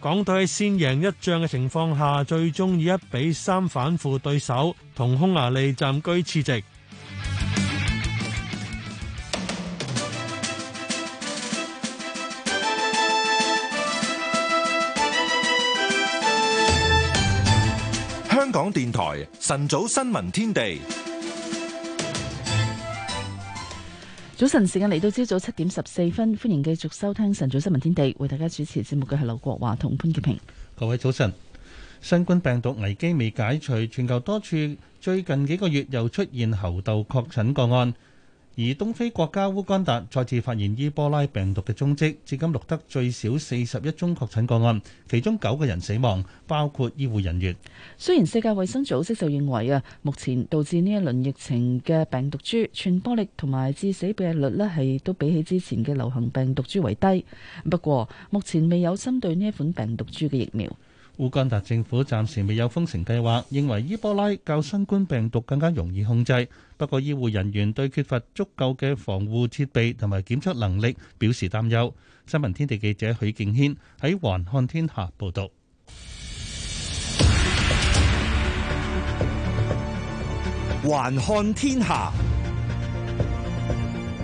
港隊先贏一仗嘅情況下，最終以一比三反負對手，同匈牙利暫居次席。香港電台晨早新聞天地。早晨時間嚟到朝早七點十四分，歡迎繼續收聽晨早新聞天地，為大家主持節目嘅係劉國華同潘潔平。各位早晨，新冠病毒危機未解除，全球多處最近幾個月又出現猴痘確診個案。而東非國家烏干達再次發現伊波拉病毒嘅蹤跡，至今錄得最少四十一宗確診個案，其中九個人死亡，包括醫護人員。雖然世界衛生組織就認為啊，目前導致呢一輪疫情嘅病毒株傳播力同埋致死病率呢，係都比起之前嘅流行病毒株為低。不過目前未有針對呢一款病毒株嘅疫苗。烏干達政府暫時未有封城計劃，認為伊波拉較新冠病毒更加容易控制。不過，醫護人員對缺乏足夠嘅防護設備同埋檢測能力表示擔憂。新聞天地記者許敬軒喺《環看天下》報道。環看天下，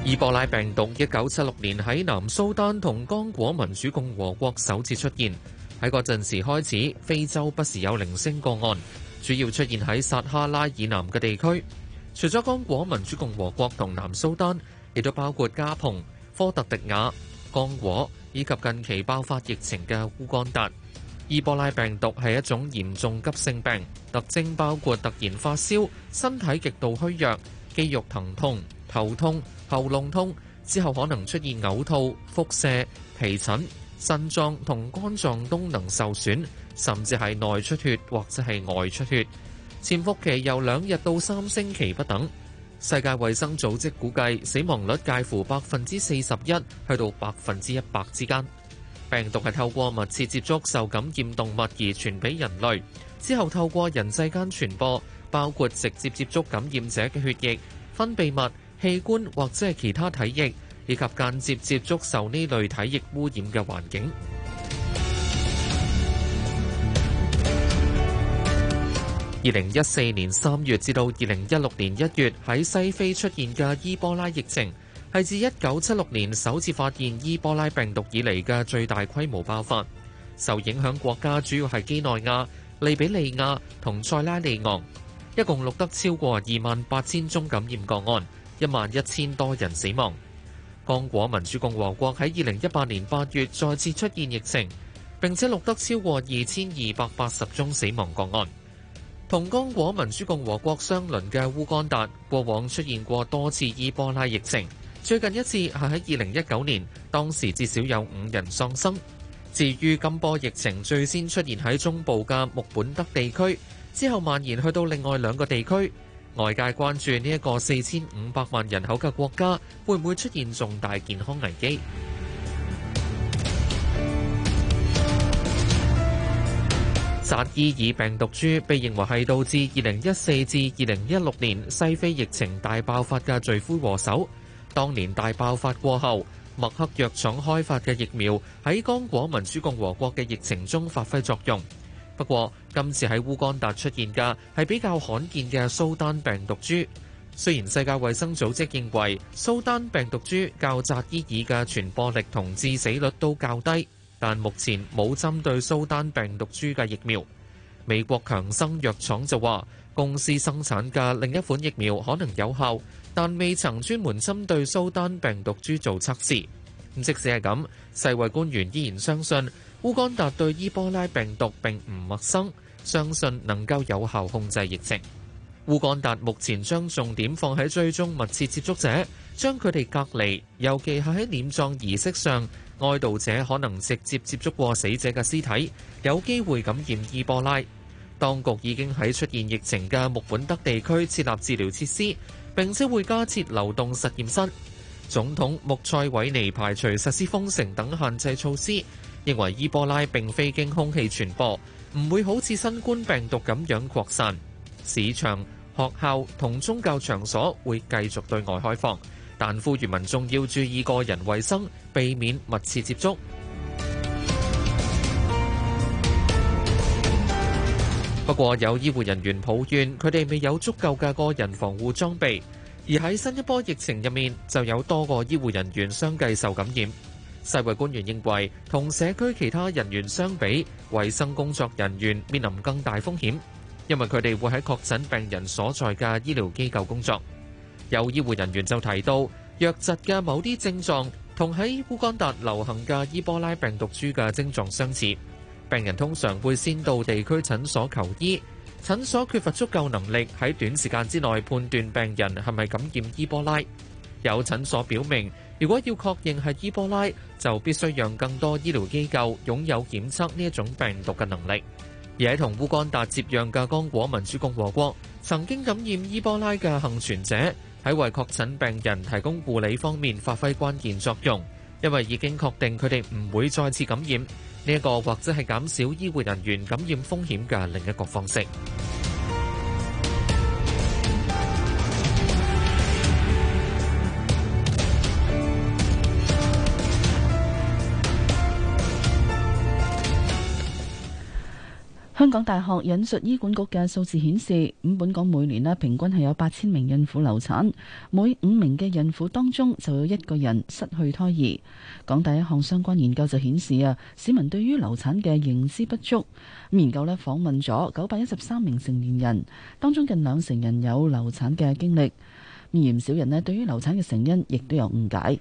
伊波拉病毒一九七六年喺南蘇丹同剛果民主共和國首次出現。喺嗰陣時開始，非洲不時有零星個案，主要出現喺撒哈拉以南嘅地區，除咗剛果民主共和國同南蘇丹，亦都包括加蓬、科特迪瓦、剛果以及近期爆發疫情嘅烏干達。伊波拉病毒係一種嚴重急性病，特徵包括突然發燒、身體極度虛弱、肌肉疼痛、頭痛、喉嚨痛，之後可能出現嘔吐、腹瀉、皮疹。腎臟同肝臟功能受損，甚至係內出血或者係外出血。潛伏期由兩日到三星期不等。世界衛生組織估計死亡率介乎百分之四十一去到百分之一百之間。病毒係透過密切接觸受感染動物而傳俾人類，之後透過人際間傳播，包括直接接觸感染者嘅血液、分泌物、器官或者係其他體液。以及間接接觸受呢類體液污染嘅環境。二零一四年三月至到二零一六年一月喺西非出現嘅伊波拉疫情，係自一九七六年首次發現伊波拉病毒以嚟嘅最大規模爆發。受影響國家主要係幾內亞、利比里亞同塞拉利昂，一共錄得超過二萬八千宗感染個案，一萬一千多人死亡。剛果民主共和國喺二零一八年八月再次出現疫情，並且錄得超過二千二百八十宗死亡個案。同剛果民主共和國相鄰嘅烏干達，過往出現過多次伊波拉疫情，最近一次係喺二零一九年，當時至少有五人喪生。至於今波疫情最先出現喺中部嘅穆本德地區，之後蔓延去到另外兩個地區。外界關注呢一個四千五百萬人口嘅國家會唔會出現重大健康危機？扎伊爾病毒株被認為係導致二零一四至二零一六年西非疫情大爆發嘅罪魁禍首。當年大爆發過後，默克藥廠開發嘅疫苗喺剛果民主共和國嘅疫情中發揮作用。不過，今次喺烏干達出現嘅係比較罕見嘅蘇丹病毒株。雖然世界衛生組織認為蘇丹病毒株較扎伊爾嘅傳播力同致死率都較低，但目前冇針對蘇丹病毒株嘅疫苗。美國強生藥廠就話，公司生產嘅另一款疫苗可能有效，但未曾專門針對蘇丹病毒株做測試。即使係咁，世衛官員依然相信。烏干達對伊波拉病毒並唔陌生，相信能夠有效控制疫情。烏干達目前將重點放喺追蹤密切接觸者，將佢哋隔離。尤其係喺殮葬儀式上，哀悼者可能直接接觸過死者嘅屍體，有機會感染伊波拉。當局已經喺出現疫情嘅穆本德地區設立治療設施，並且會加設流動實驗室。總統穆塞韋尼排除實施封城等限制措施。認為伊波拉並非經空氣傳播，唔會好似新冠病毒咁樣擴散。市場、學校同宗教場所會繼續對外開放，但呼籲民眾要注意個人衛生，避免密切接觸。 不過有醫護人員抱怨，佢哋未有足夠嘅個人防護裝備，而喺新一波疫情入面，就有多個醫護人員相繼受感染。世衞官員認為，同社區其他人員相比，衛生工作人員面臨更大風險，因為佢哋會喺確診病人所在嘅醫療機構工作。有醫護人員就提到，瘧疾嘅某啲症狀同喺烏干達流行嘅伊波拉病毒株嘅症狀相似，病人通常會先到地區診所求醫，診所缺乏足夠能力喺短時間之內判斷病人係咪感染伊波拉。有診所表明，如果要確認係伊波拉，就必須讓更多醫療機構擁有檢測呢一種病毒嘅能力。而喺同烏干達接壤嘅剛果民主共和國，曾經感染伊波拉嘅幸存者喺為確診病人提供護理方面發揮關鍵作用，因為已經確定佢哋唔會再次感染呢一個，或者係減少醫護人員感染風險嘅另一個方式。香港大學引述醫管局嘅數字顯示，咁本港每年咧平均係有八千名孕婦流產，每五名嘅孕婦當中就有一個人失去胎兒。港大一項相關研究就顯示啊，市民對於流產嘅認知不足。研究咧訪問咗九百一十三名成年人，當中近兩成人有流產嘅經歷，而唔少人咧對於流產嘅成因亦都有誤解。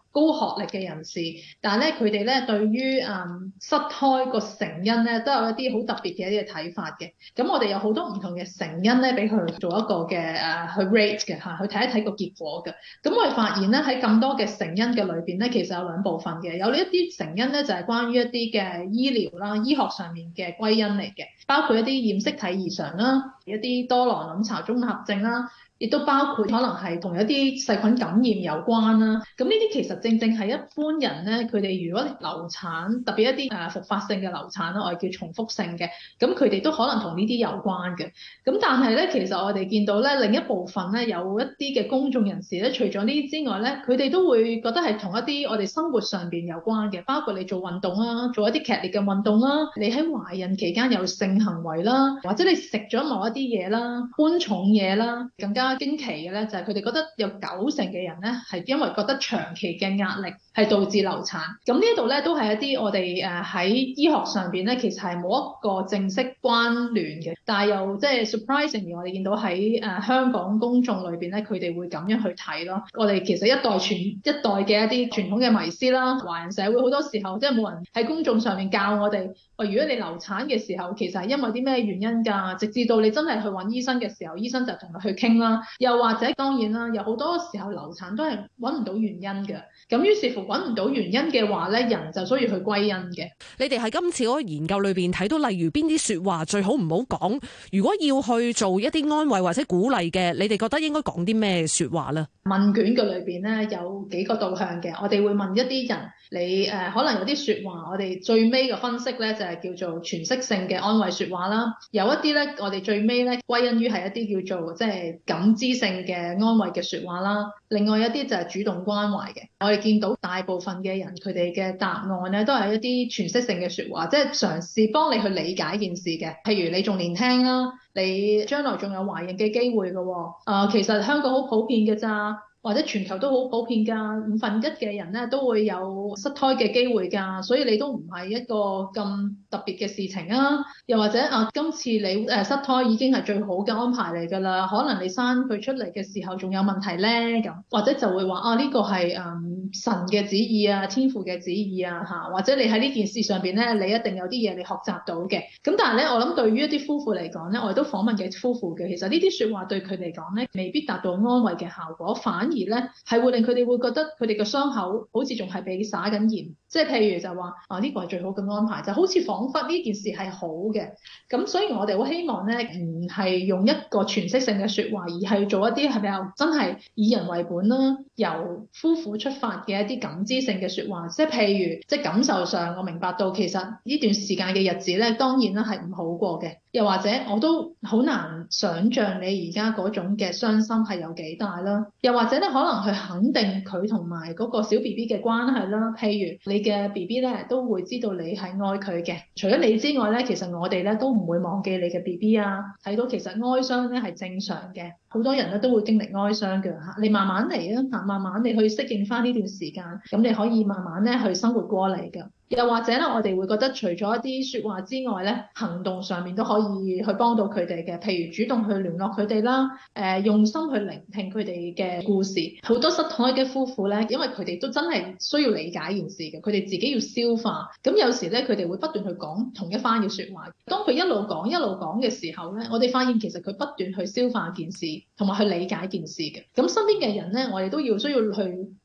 高學歷嘅人士，但係咧佢哋咧對於啊、嗯、失胎個成因咧都有一啲好特別嘅一啲嘅睇法嘅。咁我哋有好多唔同嘅成因咧，俾佢做一個嘅啊去 rate 嘅嚇，去睇一睇個結果嘅。咁我哋發現咧喺咁多嘅成因嘅裏邊咧，其實有兩部分嘅，有呢一啲成因咧就係、是、關於一啲嘅醫療啦、醫學上面嘅歸因嚟嘅，包括一啲染色體異常啦，一啲多囊卵巢綜合症啦。亦都包括可能係同一啲細菌感染有關啦、啊。咁呢啲其實正正係一般人咧，佢哋如果流產特別一啲誒復發性嘅流產啦，我哋叫重複性嘅，咁佢哋都可能同呢啲有關嘅。咁但係咧，其實我哋見到咧，另一部分咧，有一啲嘅公眾人士咧，除咗呢啲之外咧，佢哋都會覺得係同一啲我哋生活上邊有關嘅，包括你做運動啦，做一啲劇烈嘅運動啦，你喺懷孕期間有性行為啦，或者你食咗某一啲嘢啦，搬重嘢啦，更加。驚奇嘅咧，就係佢哋覺得有九成嘅人咧，係因為覺得長期嘅壓力係導致流產。咁呢度咧，都係一啲我哋誒喺醫學上邊咧，其實係冇一個正式關聯嘅，但係又即係 surprisingly，我哋見到喺誒香港公眾裏邊咧，佢哋會咁樣去睇咯。我哋其實一代傳一代嘅一啲傳統嘅迷思啦，華人社會好多時候即係冇人喺公眾上面教我哋，喂，如果你流產嘅時候，其實係因為啲咩原因㗎？直至到你真係去揾醫生嘅時候，醫生就同佢去傾啦。又或者當然啦，有好多時候流產都係揾唔到原因嘅。咁於是乎揾唔到原因嘅話咧，人就需要去歸因嘅。你哋喺今次嗰個研究裏邊睇到，例如邊啲説話最好唔好講？如果要去做一啲安慰或者鼓勵嘅，你哋覺得應該講啲咩説話咧？問卷嘅裏邊咧有幾個導向嘅，我哋會問一啲人，你誒、呃、可能有啲説話，我哋最尾嘅分析咧就係叫做詮釋性嘅安慰説話啦。有一啲咧，我哋最尾咧歸因於係一啲叫做即係感。知性嘅安慰嘅説話啦，另外一啲就係主動關懷嘅。我哋見到大部分嘅人佢哋嘅答案咧，都係一啲詮釋性嘅説話，即係嘗試幫你去理解件事嘅。譬如你仲年輕啦，你將來仲有懷孕嘅機會㗎喎、哦呃。其實香港好普遍嘅咋。或者全球都好普遍㗎，五分一嘅人咧都會有失胎嘅機會㗎，所以你都唔係一個咁特別嘅事情啊。又或者啊，今次你誒、呃、失胎已經係最好嘅安排嚟㗎啦。可能你生佢出嚟嘅時候仲有問題咧，咁，或者就會話啊呢、呢個係誒。嗯神嘅旨意啊，天父嘅旨意啊，吓，或者你喺呢件事上邊咧，你一定有啲嘢你學習到嘅。咁但係咧，我諗對於一啲夫婦嚟講咧，我亦都訪問嘅夫婦嘅，其實呢啲說話對佢哋講咧，未必達到安慰嘅效果，反而咧係會令佢哋會覺得佢哋嘅傷口好似仲係俾灑緊鹽，即係譬如就話啊，呢個係最好嘅安排，就好似仿佛呢件事係好嘅。咁所以我哋好希望咧，唔係用一個詮釋性嘅說話，而係做一啲係比較真係以人為本啦，由夫婦出發。嘅一啲感知性嘅說話，即係譬如，即係感受上，我明白到其實呢段時間嘅日子咧，當然啦，係唔好過嘅。又或者我都好難想像你而家嗰種嘅傷心係有幾大啦。又或者咧，可能去肯定佢同埋嗰個小 B B 嘅關係啦。譬如你嘅 B B 咧都會知道你係愛佢嘅。除咗你之外咧，其實我哋咧都唔會忘記你嘅 B B 啊。睇到其實哀傷咧係正常嘅，好多人咧都會經歷哀傷㗎吓。你慢慢嚟啊，慢慢你去適應翻呢段時間，咁你可以慢慢咧去生活過嚟嘅。又或者咧，我哋會覺得除咗一啲説話之外咧，行動上面都可以去幫到佢哋嘅。譬如主動去聯絡佢哋啦，誒、呃、用心去聆聽佢哋嘅故事。好多失胎嘅夫婦咧，因為佢哋都真係需要理解件事嘅，佢哋自己要消化。咁有時咧，佢哋會不斷去講同一番嘅説話。當佢一路講一路講嘅時候咧，我哋發現其實佢不斷去消化件事，同埋去理解件事嘅。咁身邊嘅人咧，我哋都要需要去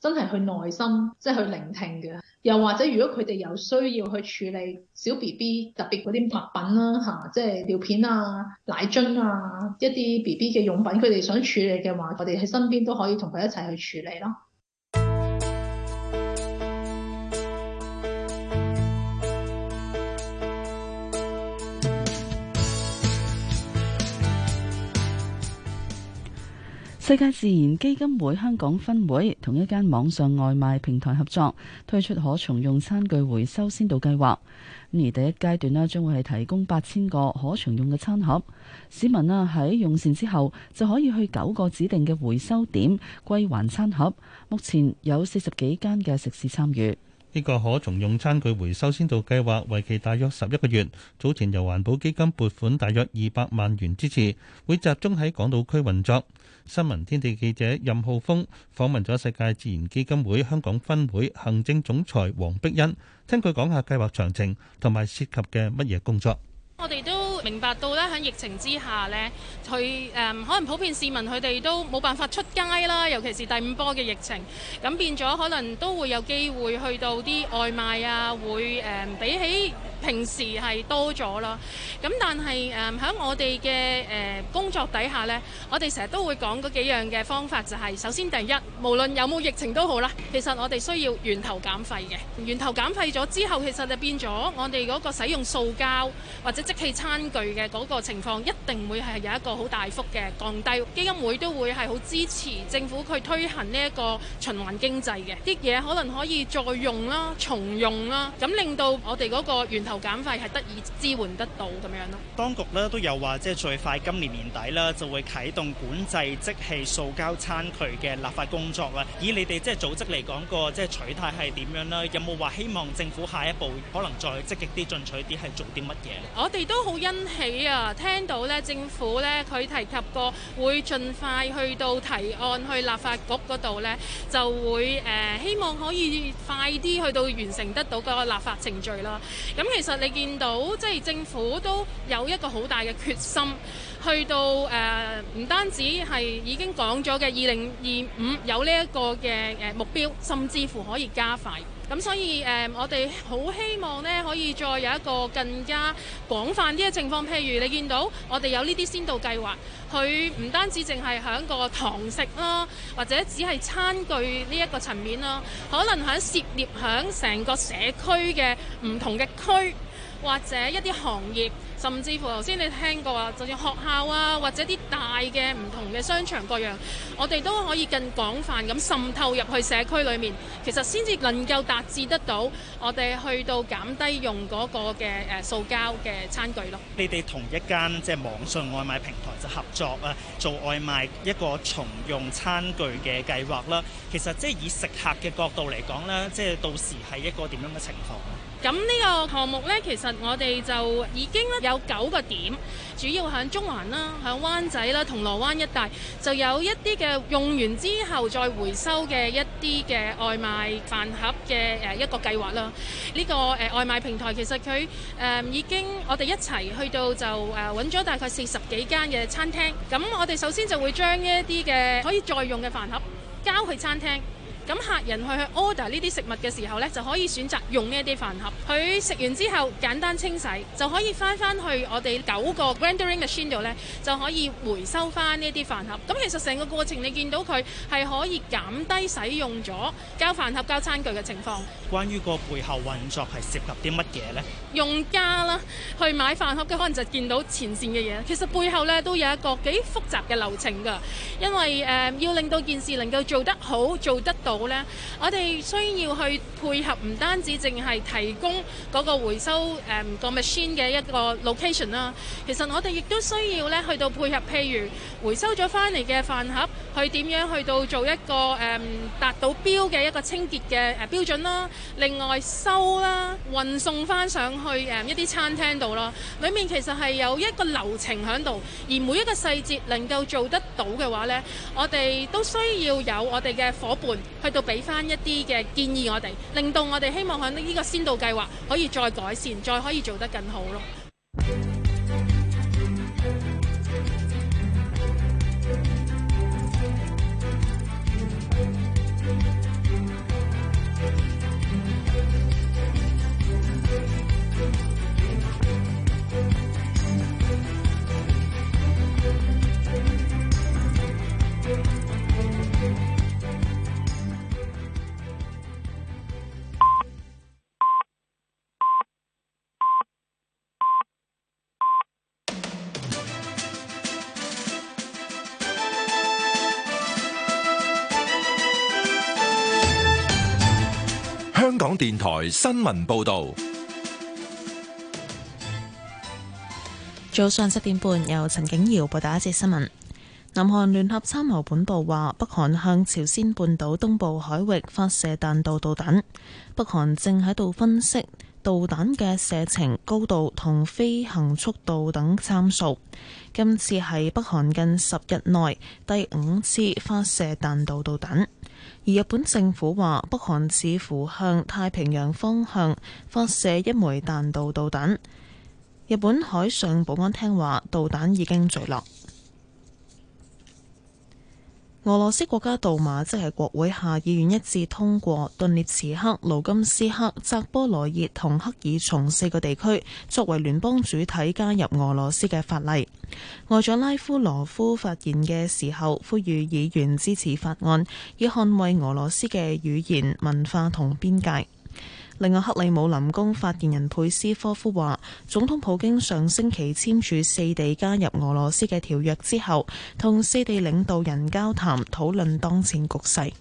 真係去耐心，即、就、係、是、去聆聽嘅。又或者，如果佢哋有需要去處理小 BB 特別嗰啲物品啦嚇、啊，即係尿片啊、奶樽啊、一啲 BB 嘅用品，佢哋想處理嘅話，我哋喺身邊都可以同佢一齊去處理咯。世界自然基金會香港分會同一間網上外賣平台合作推出可重用餐具回收先導計劃，而第一階段呢，將會係提供八千個可重用嘅餐盒，市民啊喺用膳之後就可以去九個指定嘅回收點歸還餐盒。目前有四十幾間嘅食肆參與。呢個可重用餐具回收先導計劃為期大約十一個月。早前由環保基金撥款大約二百萬元支持，會集中喺港島區運作。新聞天地記者任浩峰訪問咗世界自然基金會香港分會行政總裁黃碧欣，聽佢講下計劃詳情同埋涉及嘅乜嘢工作。我哋都明白到咧，喺疫情之下咧，佢誒可能普遍市民佢哋都冇辦法出街啦，尤其是第五波嘅疫情，咁變咗可能都會有機會去到啲外賣啊，會誒比起平時係多咗啦。咁但係誒喺我哋嘅誒工作底下咧，我哋成日都會講嗰幾樣嘅方法，就係首先第一，無論有冇疫情都好啦，其實我哋需要源頭減廢嘅，源頭減廢咗之後，其實就變咗我哋嗰個使用塑膠或者。即棄餐具嘅嗰個情況一定會係有一個好大幅嘅降低，基金會都會係好支持政府去推行呢一個循環經濟嘅，啲嘢可能可以再用啦、重用啦，咁令到我哋嗰個源頭減廢係得以支援得到咁樣咯。當局咧都有話，即係最快今年年底啦就會啟動管制即棄塑膠餐具嘅立法工作啦。以你哋即係組織嚟講，個即係取態係點樣啦？有冇話希望政府下一步可能再積極啲、進取啲，係做啲乜嘢呢？我都好欣喜啊！聽到咧，政府咧佢提及過會盡快去到提案去立法局嗰度咧，就會誒、呃、希望可以快啲去到完成得到個立法程序咯。咁、嗯、其實你見到即係政府都有一個好大嘅決心，去到誒唔、呃、單止係已經講咗嘅二零二五有呢一個嘅誒目標，甚至乎可以加快。咁所以誒、um, 我哋好希望咧，可以再有一個更加廣泛啲嘅情況，譬如你見到我哋有呢啲先導計劃，佢唔單止淨係響個堂食啦，或者只係餐具呢一個層面啦，可能響涉獵響成個社區嘅唔同嘅區或者一啲行業。甚至乎頭先你聽過啊，就算學校啊，或者啲大嘅唔同嘅商場各樣，我哋都可以更廣泛咁滲透入去社區裏面，其實先至能夠達致得到我哋去到減低用嗰個嘅誒塑膠嘅餐具咯。你哋同一間即係網上外賣平台就合作啊，做外賣一個重用餐具嘅計劃啦。其實即係以食客嘅角度嚟講咧，即係到時係一個點樣嘅情況？咁呢個項目呢，其實我哋就已經有九個點，主要喺中環啦、喺灣仔啦、銅鑼灣一帶，就有一啲嘅用完之後再回收嘅一啲嘅外賣飯盒嘅誒一個計劃啦。呢、這個誒、呃、外賣平台其實佢誒、呃、已經我哋一齊去到就誒揾咗大概四十幾間嘅餐廳。咁我哋首先就會將呢一啲嘅可以再用嘅飯盒交去餐廳。咁客人去去 order 呢啲食物嘅時候咧，就可以選擇用呢一啲飯盒。佢食完之後簡單清洗，就可以翻翻去我哋九個 rendering machine 度咧，就可以回收翻呢啲飯盒。咁其實成個過程你見到佢係可以減低使用咗膠飯盒膠餐具嘅情況，關於個背後運作係涉及啲乜嘢咧？用家啦去買飯盒，嘅可能就見到前線嘅嘢。其實背後咧都有一個幾複雜嘅流程㗎，因為誒、呃、要令到件事能夠做得好、做得到。好咧！我哋需要去配合，唔單止淨係提供嗰個回收誒個 machine 嘅一個 location 啦。其實我哋亦都需要咧去到配合，譬如回收咗翻嚟嘅飯盒，去點樣去到做一個誒達到標嘅一個清潔嘅誒標準啦。另外收啦，運送翻上去誒一啲餐廳度咯。裡面其實係有一個流程喺度，而每一個細節能夠做得到嘅話咧，我哋都需要有我哋嘅夥伴。去到俾翻一啲嘅建議，我哋，令到我哋希望響呢個先導計劃可以再改善，再可以做得更好咯。港電台新聞報道：早上七點半，由陳景瑤報道一節新聞。南韓聯合參謀本部話，北韓向朝鮮半島東部海域發射彈道導彈。北韓正喺度分析導彈嘅射程、高度同飛行速度等參數。今次係北韓近十日內第五次發射彈道導彈。而日本政府話，北韓似乎向太平洋方向發射一枚彈道導彈。日本海上保安廳話，導彈已經墜落。俄羅斯國家杜馬即係國會下議院一致通過頓涅茨克、盧甘斯克、扎波羅熱同赫爾松四個地區作為聯邦主體加入俄羅斯嘅法例。外長拉夫羅夫發言嘅時候，呼籲議員支持法案，以捍衛俄羅斯嘅語言、文化同邊界。另外，克里姆林宮發言人佩斯科夫話，總統普京上星期簽署四地加入俄羅斯嘅條約之後，同四地領導人交談，討論當前局勢。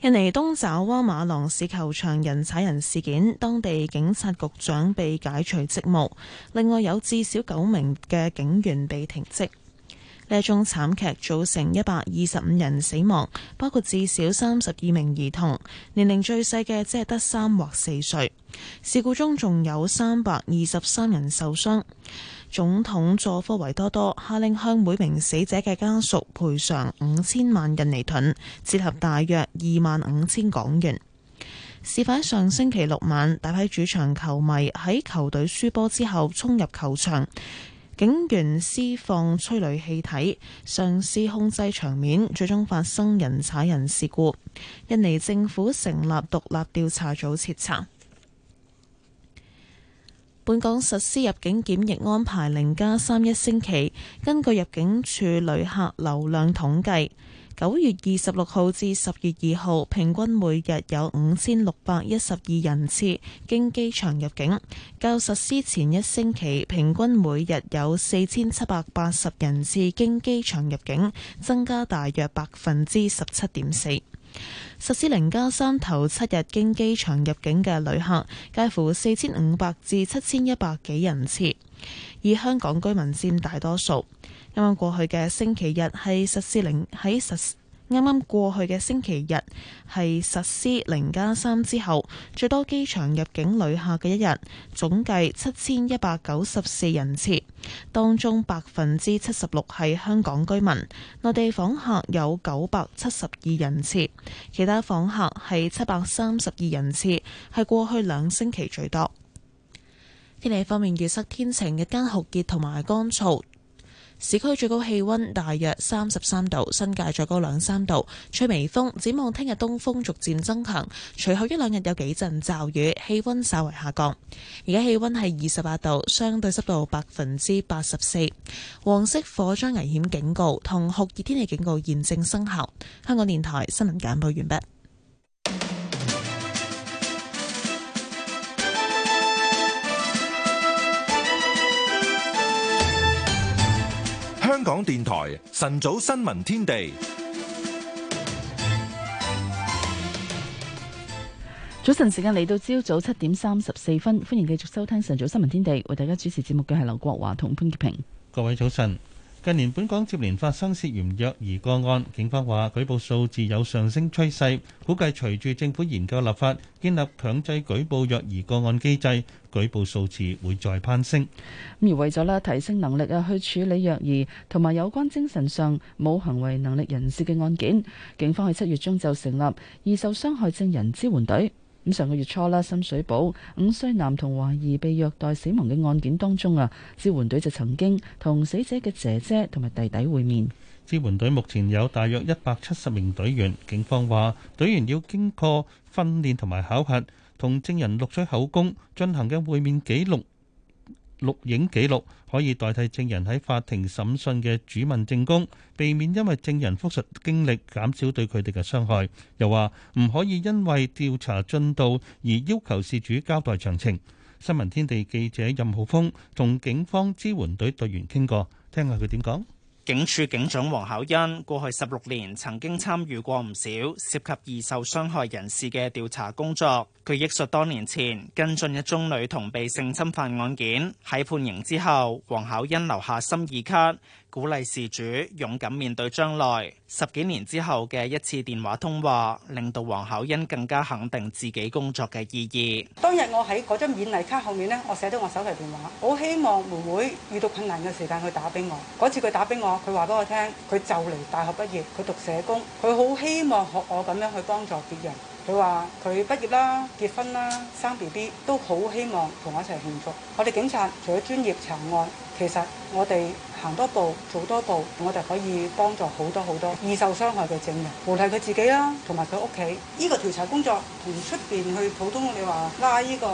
印尼東爪哇馬郎市球場人踩人事件，當地警察局長被解除職務，另外有至少九名嘅警員被停職。呢一宗慘劇造成一百二十五人死亡，包括至少三十二名兒童，年齡最細嘅只係得三或四歲。事故中仲有三百二十三人受傷。總統佐科維多多下令向每名死者嘅家屬賠償五千萬印尼盾，折合大約二萬五千港元。事發喺上星期六晚，大批主場球迷喺球隊輸波之後衝入球場。警員嘗試催淚氣體，嘗試控制場面，最終發生人踩人事故。印尼政府成立獨立調查組徹查。本港實施入境檢疫安排零加三一星期。根據入境處旅客流量統計。九月二十六號至十月二號，平均每日有五千六百一十二人次經機場入境，較實施前一星期，平均每日有四千七百八十人次經機場入境，增加大約百分之十七點四。實施零加三頭七日經機場入境嘅旅客，介乎四千五百至七千一百幾人次，以香港居民佔大多數。啱啱過去嘅星期日係實施零喺實，啱啱過去嘅星期日係實施零加三之後，最多機場入境旅客嘅一日，總計七千一百九十四人次，當中百分之七十六係香港居民，內地訪客有九百七十二人次，其他訪客係七百三十二人次，係過去兩星期最多。天氣方面，預測天晴，日間酷熱同埋乾燥。市區最高氣溫大約三十三度，新界再高兩三度，吹微風。展望聽日東風逐漸增強，隨後一兩日有幾陣驟雨，氣溫稍為下降。而家氣溫係二十八度，相對濕度百分之八十四。黃色火災危險警告同酷熱天氣警告現正生效。香港電台新聞簡報完畢。港電台晨早新聞天地，早晨時間嚟到朝早七點三十四分，歡迎繼續收聽晨早新聞天地，為大家主持節目嘅係劉國華同潘潔平。各位早晨，近年本港接連發生涉嫌虐兒個案，警方話舉報數字有上升趨勢，估計隨住政府研究立法，建立強制舉報虐兒個案機制。舉報數字會再攀升。咁而為咗啦提升能力啊，去處理虐兒同埋有關精神上冇行為能力人士嘅案件，警方喺七月中就成立易受傷害證人支援隊。咁上個月初啦，深水埗五歲男童懷疑被虐待死亡嘅案件當中啊，支援隊就曾經同死者嘅姐姐同埋弟弟會面。支援隊目前有大約一百七十名隊員，警方話隊員要經過訓練同埋考核。同證人錄取口供進行嘅會面記錄、錄影記錄，可以代替證人喺法庭審訊嘅主問證供，避免因為證人複述經歷減少對佢哋嘅傷害。又話唔可以因為調查進度而要求事主交代詳情。新聞天地記者任浩峰同警方支援隊隊員傾過，聽下佢點講。警署警長黃巧恩過去十六年曾經參與過唔少涉及易受傷害人士嘅調查工作，佢憶述多年前跟進一宗女童被性侵犯案件，喺判刑之後，黃巧恩留下心意卡。鼓勵事主勇敢面對將來。十幾年之後嘅一次電話通話，令到黃巧欣更加肯定自己工作嘅意義。當日我喺嗰張勉勵卡後面呢，我寫咗我手提電話。好希望妹妹遇到困難嘅時間去打俾我。嗰次佢打俾我，佢話俾我聽，佢就嚟大學畢業，佢讀社工，佢好希望學我咁樣去幫助別人。佢話佢畢業啦，結婚啦，生 BB 都好希望同我一齊慶祝。我哋警察除咗專業查案，其實我哋。行多步，做多步，我哋可以幫助好多好多易受傷害嘅證人，無論佢自己啦，同埋佢屋企。呢個調查工作同出邊去普通你話拉呢個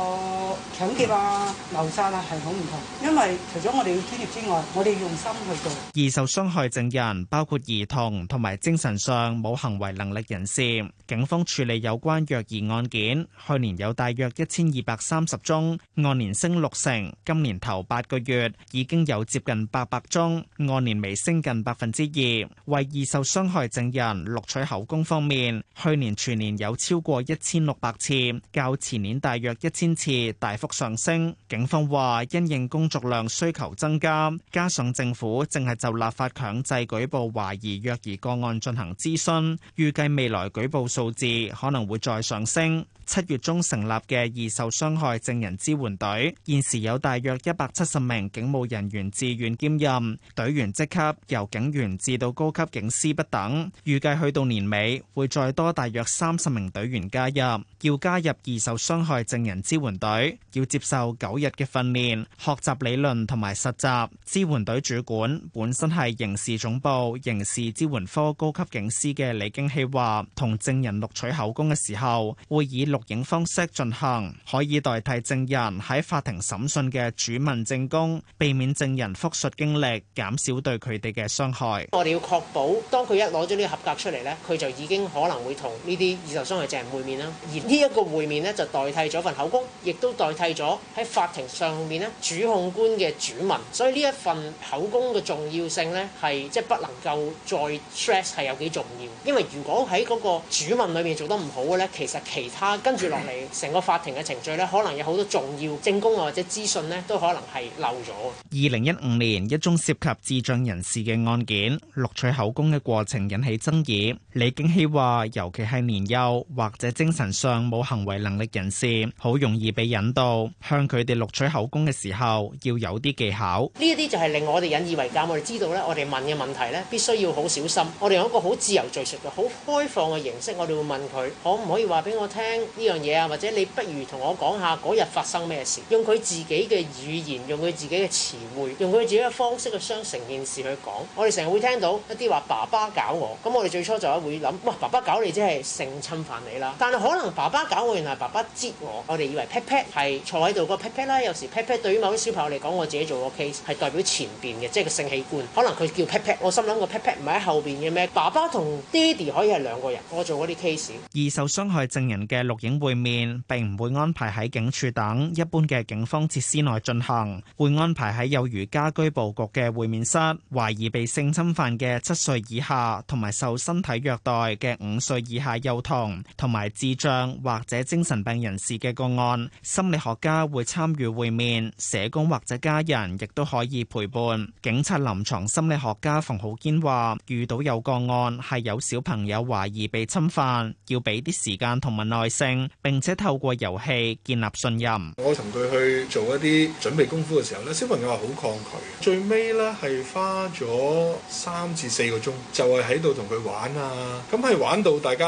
搶劫啊、謀殺啊係好唔同，因為除咗我哋嘅專業之外，我哋要用心去做。易受傷害證人包括兒童同埋精神上冇行為能力人士。警方處理有關虐兒案件，去年有大約一千二百三十宗，按年升六成。今年頭八個月已經有接近八百宗。按年微升近百分之二。為易受傷害證人錄取口供方面，去年全年有超過一千六百次，較前年大約一千次大幅上升。警方話，因應工作量需求增加，加上政府正係就立法強制舉報懷疑虐兒個案進行諮詢，預計未來舉報數字可能會再上升。七月中成立嘅易受傷害證人支援隊，現時有大約一百七十名警務人員自願兼任隊員職級，由警員至到高級警司不等。預計去到年尾會再多大約三十名隊員加入。要加入易受傷害證人支援隊要接受九日嘅訓練，學習理論同埋實習。支援隊主管本身係刑事總部刑事支援科高級警司嘅李經希話，同證人錄取口供嘅時候，會以六。警方式進行，可以代替證人喺法庭審訊嘅主問證供，避免證人複述經歷，減少對佢哋嘅傷害。我哋要確保，當佢一攞咗呢個合格出嚟咧，佢就已經可能會同呢啲二受傷害證人會面啦。而呢一個會面咧，就代替咗份口供，亦都代替咗喺法庭上面咧主控官嘅主問。所以呢一份口供嘅重要性咧，係即係不能夠再 stress 係有幾重要。因為如果喺嗰個主問裏面做得唔好嘅咧，其實其他。跟住落嚟，成個法庭嘅程序咧，可能有好多重要證供啊，或者資訊咧，都可能係漏咗。二零一五年一宗涉及智障人士嘅案件，錄取口供嘅過程引起爭議。李景熙話：尤其係年幼或者精神上冇行為能力人士，好容易被引導。向佢哋錄取口供嘅時候，要有啲技巧。呢一啲就係令我哋引以為戒。我哋知道咧，我哋問嘅問題咧，必須要好小心。我哋有一個好自由、敘述嘅、好開放嘅形式，我哋會問佢：可唔可以話俾我聽？呢樣嘢啊，或者你不如同我講下嗰日發生咩事，用佢自己嘅語言，用佢自己嘅詞彙，用佢自己嘅方式去相成件事去講。我哋成日會聽到一啲話爸爸搞我，咁我哋最初就會諗，哇，爸爸搞你即係性侵犯你啦。但係可能爸爸搞我，原來爸爸擠我，我哋以為 pat pat 係坐喺度個 pat pat 啦。有時 pat pat 對於某啲小朋友嚟講，我自己做個 case 係代表前邊嘅，即係個性器官。可能佢叫 pat pat，我心諗，個 pat pat 唔係喺後邊嘅咩？爸爸同爹哋可以係兩個人。我做嗰啲 case。易受傷害證人嘅錄警會面並唔會安排喺警署等一般嘅警方設施內進行，會安排喺有如家居布局嘅會面室。懷疑被性侵犯嘅七歲以下，同埋受身體虐待嘅五歲以下幼童，同埋智障或者精神病人士嘅個案，心理學家會參與會面，社工或者家人亦都可以陪伴。警察臨牀心理學家馮浩堅話，遇到有個案係有小朋友懷疑被侵犯，要俾啲時間同埋耐性。並且透過遊戲建立信任。我同佢去做一啲準備功夫嘅時候咧，小朋友係好抗拒，最尾咧係花咗三至四個鐘，就係喺度同佢玩啊。咁係玩到大家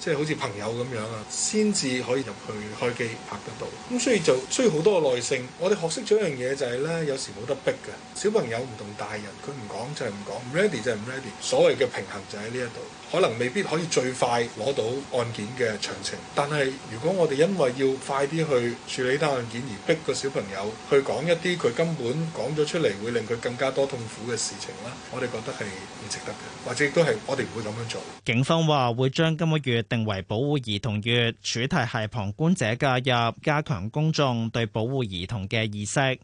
即係、就是、好似朋友咁樣啊，先至可以入去開機拍得到。咁所以就需要好多耐性。我哋學識咗一樣嘢就係咧，有時冇得逼嘅小朋友唔同大人，佢唔講就係唔講，唔 ready 就係唔 ready。所謂嘅平衡就喺呢一度。可能未必可以最快攞到案件嘅詳情，但係如果我哋因為要快啲去處理單案件而逼個小朋友去講一啲佢根本講咗出嚟會令佢更加多痛苦嘅事情啦，我哋覺得係唔值得嘅，或者亦都係我哋唔會咁樣做。警方話會將今個月定為保護兒童月，主題係旁觀者介入，加強公眾對保護兒童嘅意識。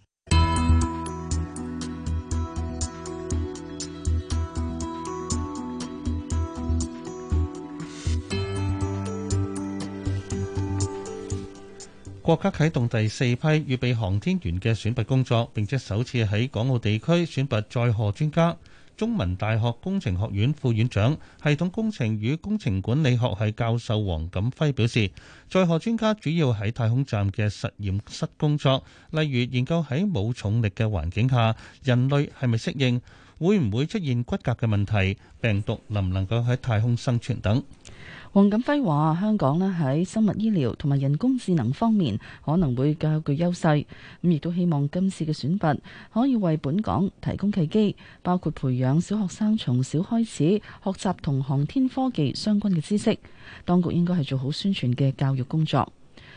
國家啟動第四批預備航天員嘅選拔工作，並且首次喺港澳地區選拔載荷專家。中文大學工程學院副院長、系統工程與工程管理學系教授黃錦輝表示：載荷專家主要喺太空站嘅實驗室工作，例如研究喺冇重力嘅環境下人類係咪適應，會唔會出現骨骼嘅問題，病毒能唔能夠喺太空生存等。黃錦輝話：香港咧喺生物醫療同埋人工智能方面可能會較具優勢，咁亦都希望今次嘅選拔可以為本港提供契機，包括培養小學生從小開始學習同航天科技相關嘅知識。當局應該係做好宣傳嘅教育工作。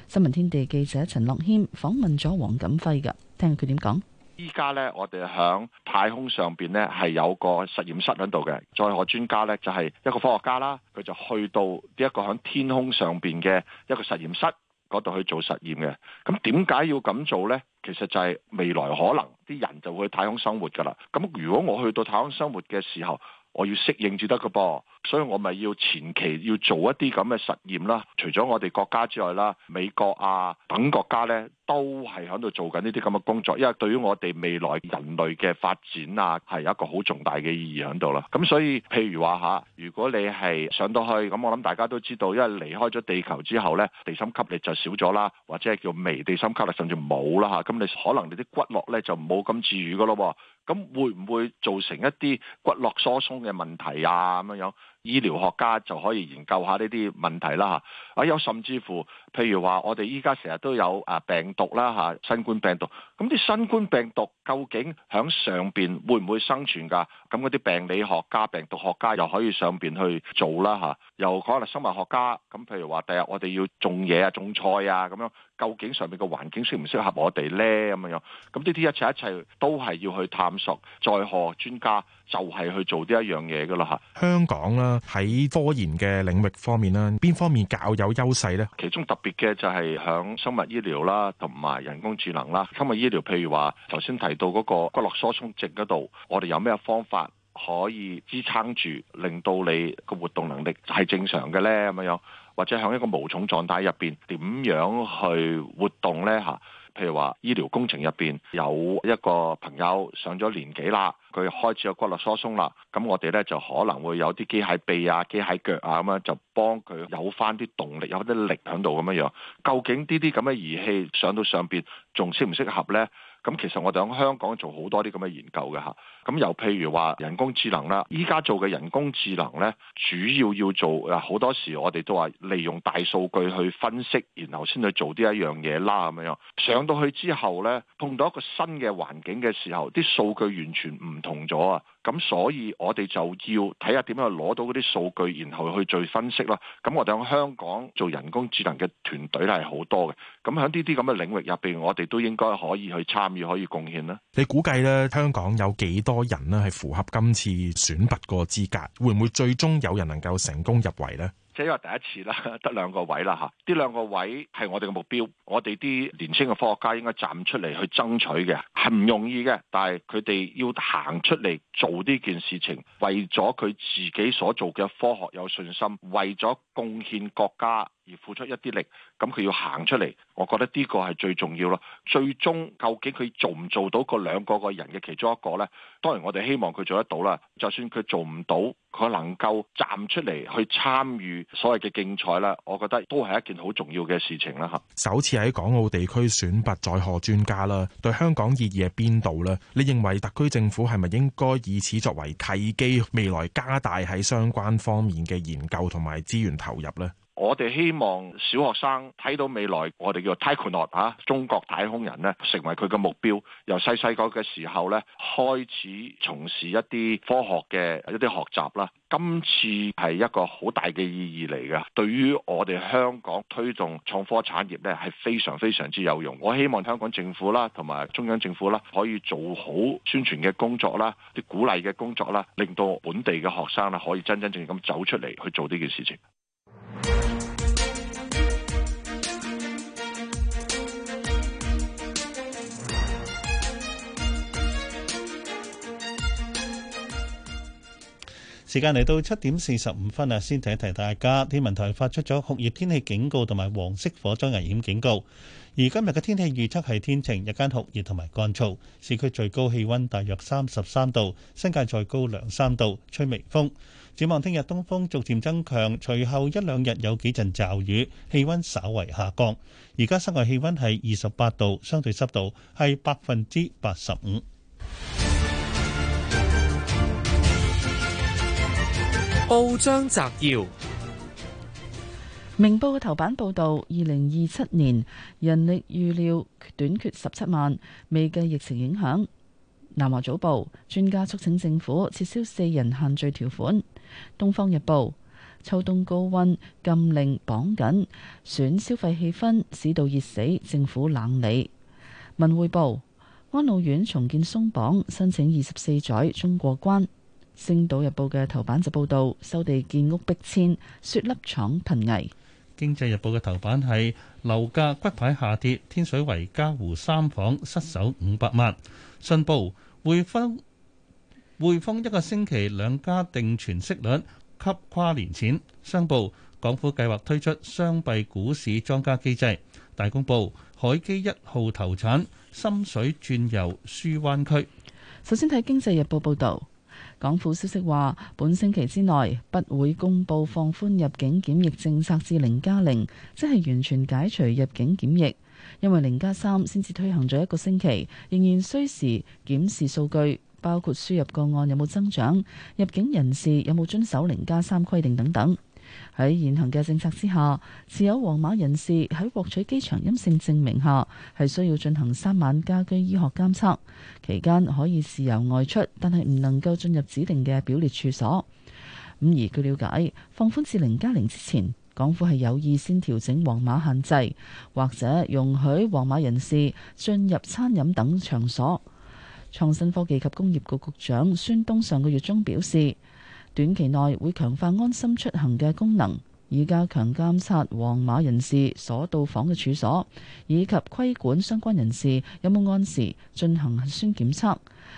新聞天地記者陳樂謙訪問咗黃錦輝噶，聽佢點講。依家咧，我哋響太空上邊咧係有個實驗室喺度嘅。載荷專家咧就係一個科學家啦，佢就去到呢一個響天空上邊嘅一個實驗室嗰度去做實驗嘅。咁點解要咁做咧？其實就係未來可能啲人就會去太空生活噶啦。咁如果我去到太空生活嘅時候，我要適應至得噶噃，所以我咪要前期要做一啲咁嘅實驗啦。除咗我哋國家之外啦，美國啊等國家咧。都係喺度做緊呢啲咁嘅工作，因為對於我哋未來人類嘅發展啊，係有一個好重大嘅意義喺度啦。咁所以，譬如話吓，如果你係上到去，咁我諗大家都知道，因為離開咗地球之後呢，地心吸力就少咗啦，或者係叫微地心吸力甚至冇啦吓。咁你可能你啲骨骼呢，就冇咁自如噶咯。咁會唔會造成一啲骨骼疏鬆嘅問題啊？咁樣樣，醫療學家就可以研究下呢啲問題啦。吓，啊有甚至乎。譬如話我哋依家成日都有啊病毒啦吓，新冠病毒，咁啲新冠病毒究竟響上邊會唔會生存噶？咁嗰啲病理學家、病毒學家又可以上邊去做啦吓，又可能生物學家，咁譬如話第日我哋要種嘢啊、種菜啊咁樣，究竟上面嘅環境適唔適合我哋咧？咁樣樣，咁呢啲一切一切都係要去探索，再何專家就係去做呢一樣嘢噶啦吓香港啦、啊、喺科研嘅領域方面啦，邊方面較有優勢咧？其中特別特別嘅就係響生物醫療啦，同埋人工智能啦。生物醫療譬如話，頭先提到嗰個骨骼疏鬆症嗰度，我哋有咩方法可以支撐住，令到你個活動能力係正常嘅呢？咁樣，或者喺一個無重狀態入邊，點樣去活動呢？嚇？譬如話，醫療工程入邊有一個朋友上咗年紀啦，佢開始有骨質疏鬆啦，咁我哋咧就可能會有啲機械臂啊、機械腳啊咁樣，就幫佢有翻啲動力、有啲力響度咁樣樣。究竟呢啲咁嘅儀器上到上邊，仲適唔適合咧？咁其實我哋喺香港做好多啲咁嘅研究嘅吓，咁又譬如話人工智能啦，依家做嘅人工智能咧，主要要做啊好多時我哋都話利用大數據去分析，然後先去做啲一樣嘢啦咁樣。上到去之後咧，碰到一個新嘅環境嘅時候，啲數據完全唔同咗啊！咁所以我哋就要睇下點樣攞到嗰啲數據，然後去再分析啦。咁我哋響香港做人工智能嘅團隊係好多嘅，咁喺呢啲咁嘅領域入邊，我哋都應該可以去參與，可以貢獻啦。你估計咧，香港有幾多人咧係符合今次選拔個資格？會唔會最終有人能夠成功入圍呢？即係因為第一次啦，得兩個位啦吓，呢兩個位係我哋嘅目標，我哋啲年青嘅科學家應該站出嚟去爭取嘅，係唔容易嘅，但係佢哋要行出嚟做呢件事情，為咗佢自己所做嘅科學有信心，為咗貢獻國家。而付出一啲力，咁佢要行出嚟，我覺得呢個係最重要咯。最終究竟佢做唔做到個兩個個人嘅其中一個咧？當然我哋希望佢做得到啦。就算佢做唔到，佢能夠站出嚟去參與所謂嘅競賽啦，我覺得都係一件好重要嘅事情啦。吓，首次喺港澳地區選拔載荷專家啦，對香港意義喺邊度咧？你認為特區政府係咪應該以此作為契機，未來加大喺相關方面嘅研究同埋資源投入咧？我哋希望小學生睇到未來，我哋叫做 Taikonaut 啊，中國太空人咧，成為佢嘅目標。由細細個嘅時候咧，開始從事一啲科學嘅一啲學習啦。今次係一個好大嘅意義嚟嘅，對於我哋香港推動創科產業咧，係非常非常之有用。我希望香港政府啦，同埋中央政府啦，可以做好宣傳嘅工作啦，啲鼓勵嘅工作啦，令到本地嘅學生咧，可以真真正正咁走出嚟去做呢件事情。時間嚟到七點四十五分啊，先提一提大家，天文台發出咗酷熱天氣警告同埋黃色火災危險警告。而今日嘅天氣預測係天晴，日間酷熱同埋乾燥，市區最高氣溫大約三十三度，新界再高兩三度，吹微風。展望聽日東風逐漸增強，隨後一兩日有幾陣驟雨，氣溫稍為下降。而家室外氣溫係二十八度，相對濕度係百分之八十五。報章摘要：明報頭版報道，二零二七年人力預料短缺十七萬，未計疫情影響。南華早報，專家促請政府撤銷四人限聚條款。東方日報：秋冬高溫禁令綁緊，損消費氣氛，使到熱死，政府冷理。文匯報：安老院重建鬆綁，申請二十四載終過關。星島日報嘅頭版就報道，收地建屋逼遷，雪粒廠瀕危。經濟日報嘅頭版係樓價骨牌下跌，天水圍嘉湖三房失守五百萬。信報匯豐匯豐一個星期兩家定存息率吸跨年錢。商報港府計劃推出雙幣股市莊家機制。大公報海基一號投產，深水轉游輸灣區。首先睇經濟日報報道。港府消息話，本星期之內不會公布放寬入境檢疫政策至零加零，即係完全解除入境檢疫。因為零加三先至推行咗一個星期，仍然需時檢視數據，包括輸入個案有冇增長、入境人士有冇遵守零加三規定等等。喺現行嘅政策之下，持有黃碼人士喺獲取機場陰性證明下，係需要進行三晚家居醫學監測，期間可以自由外出，但係唔能夠進入指定嘅表列處所。咁而據了解，放寬至零加零之前，港府係有意先調整黃碼限制，或者容許黃碼人士進入餐飲等場所。創新科技及工業局局長孫東上個月中表示。短期內會強化安心出行嘅功能，而加強監察黃碼人士所到訪嘅處所，以及規管相關人士有冇按時進行核酸檢測。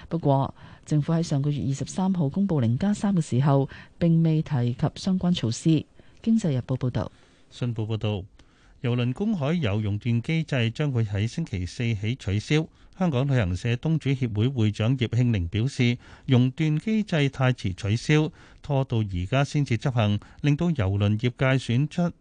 不過，政府喺上個月二十三號公布零加三嘅時候，並未提及相關措施。經濟日報報道，信報報道，郵輪公海遊熔斷機制將會喺星期四起取消。香港旅行社東主協會會長葉慶玲表示，熔斷機制太遲取消，拖到而家先至執行，令到郵輪業界選出，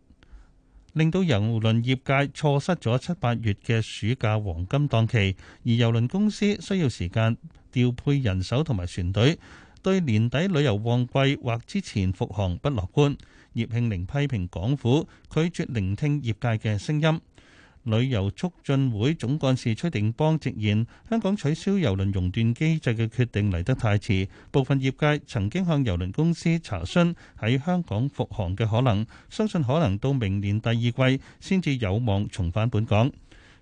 令到郵輪業界錯失咗七八月嘅暑假黃金檔期，而郵輪公司需要時間調配人手同埋船隊，對年底旅遊旺季或之前復航不樂觀。葉慶玲批評港府拒絕聆聽業界嘅聲音。旅遊促進會總幹事崔定邦直言，香港取消郵輪熔斷機制嘅決定嚟得太遲。部分業界曾經向郵輪公司查詢喺香港復航嘅可能，相信可能到明年第二季先至有望重返本港。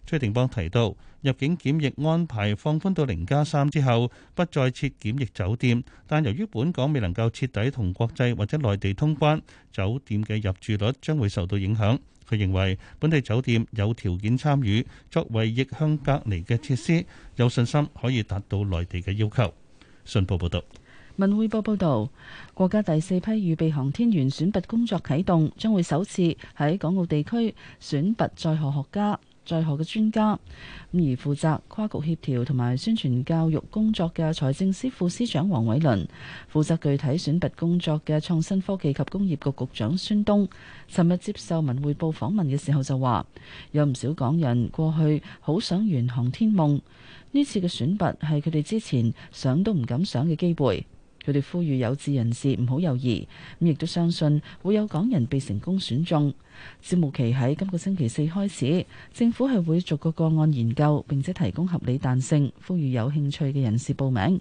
崔定邦提到，入境檢疫安排放寬到零加三之後，不再設檢疫酒店，但由於本港未能夠徹底同國際或者內地通關，酒店嘅入住率將會受到影響。佢認為本地酒店有條件參與作為逆向隔離嘅設施，有信心可以達到內地嘅要求。信報報道：「文匯報報道，國家第四批預備航天員選拔工作啓動，將會首次喺港澳地區選拔載荷專家。在學嘅專家，咁而負責跨局協調同埋宣傳教育工作嘅財政司副司長黃偉綸，負責具體選拔工作嘅創新科技及工業局局長孫東，尋日接受文匯報訪問嘅時候就話：有唔少港人過去好想圓航天夢，呢次嘅選拔係佢哋之前想都唔敢想嘅機會。佢哋呼籲有志人士唔好猶豫，咁亦都相信會有港人被成功選中。招募期喺今個星期四開始，政府係會逐個個案研究，並且提供合理彈性，呼籲有興趣嘅人士報名。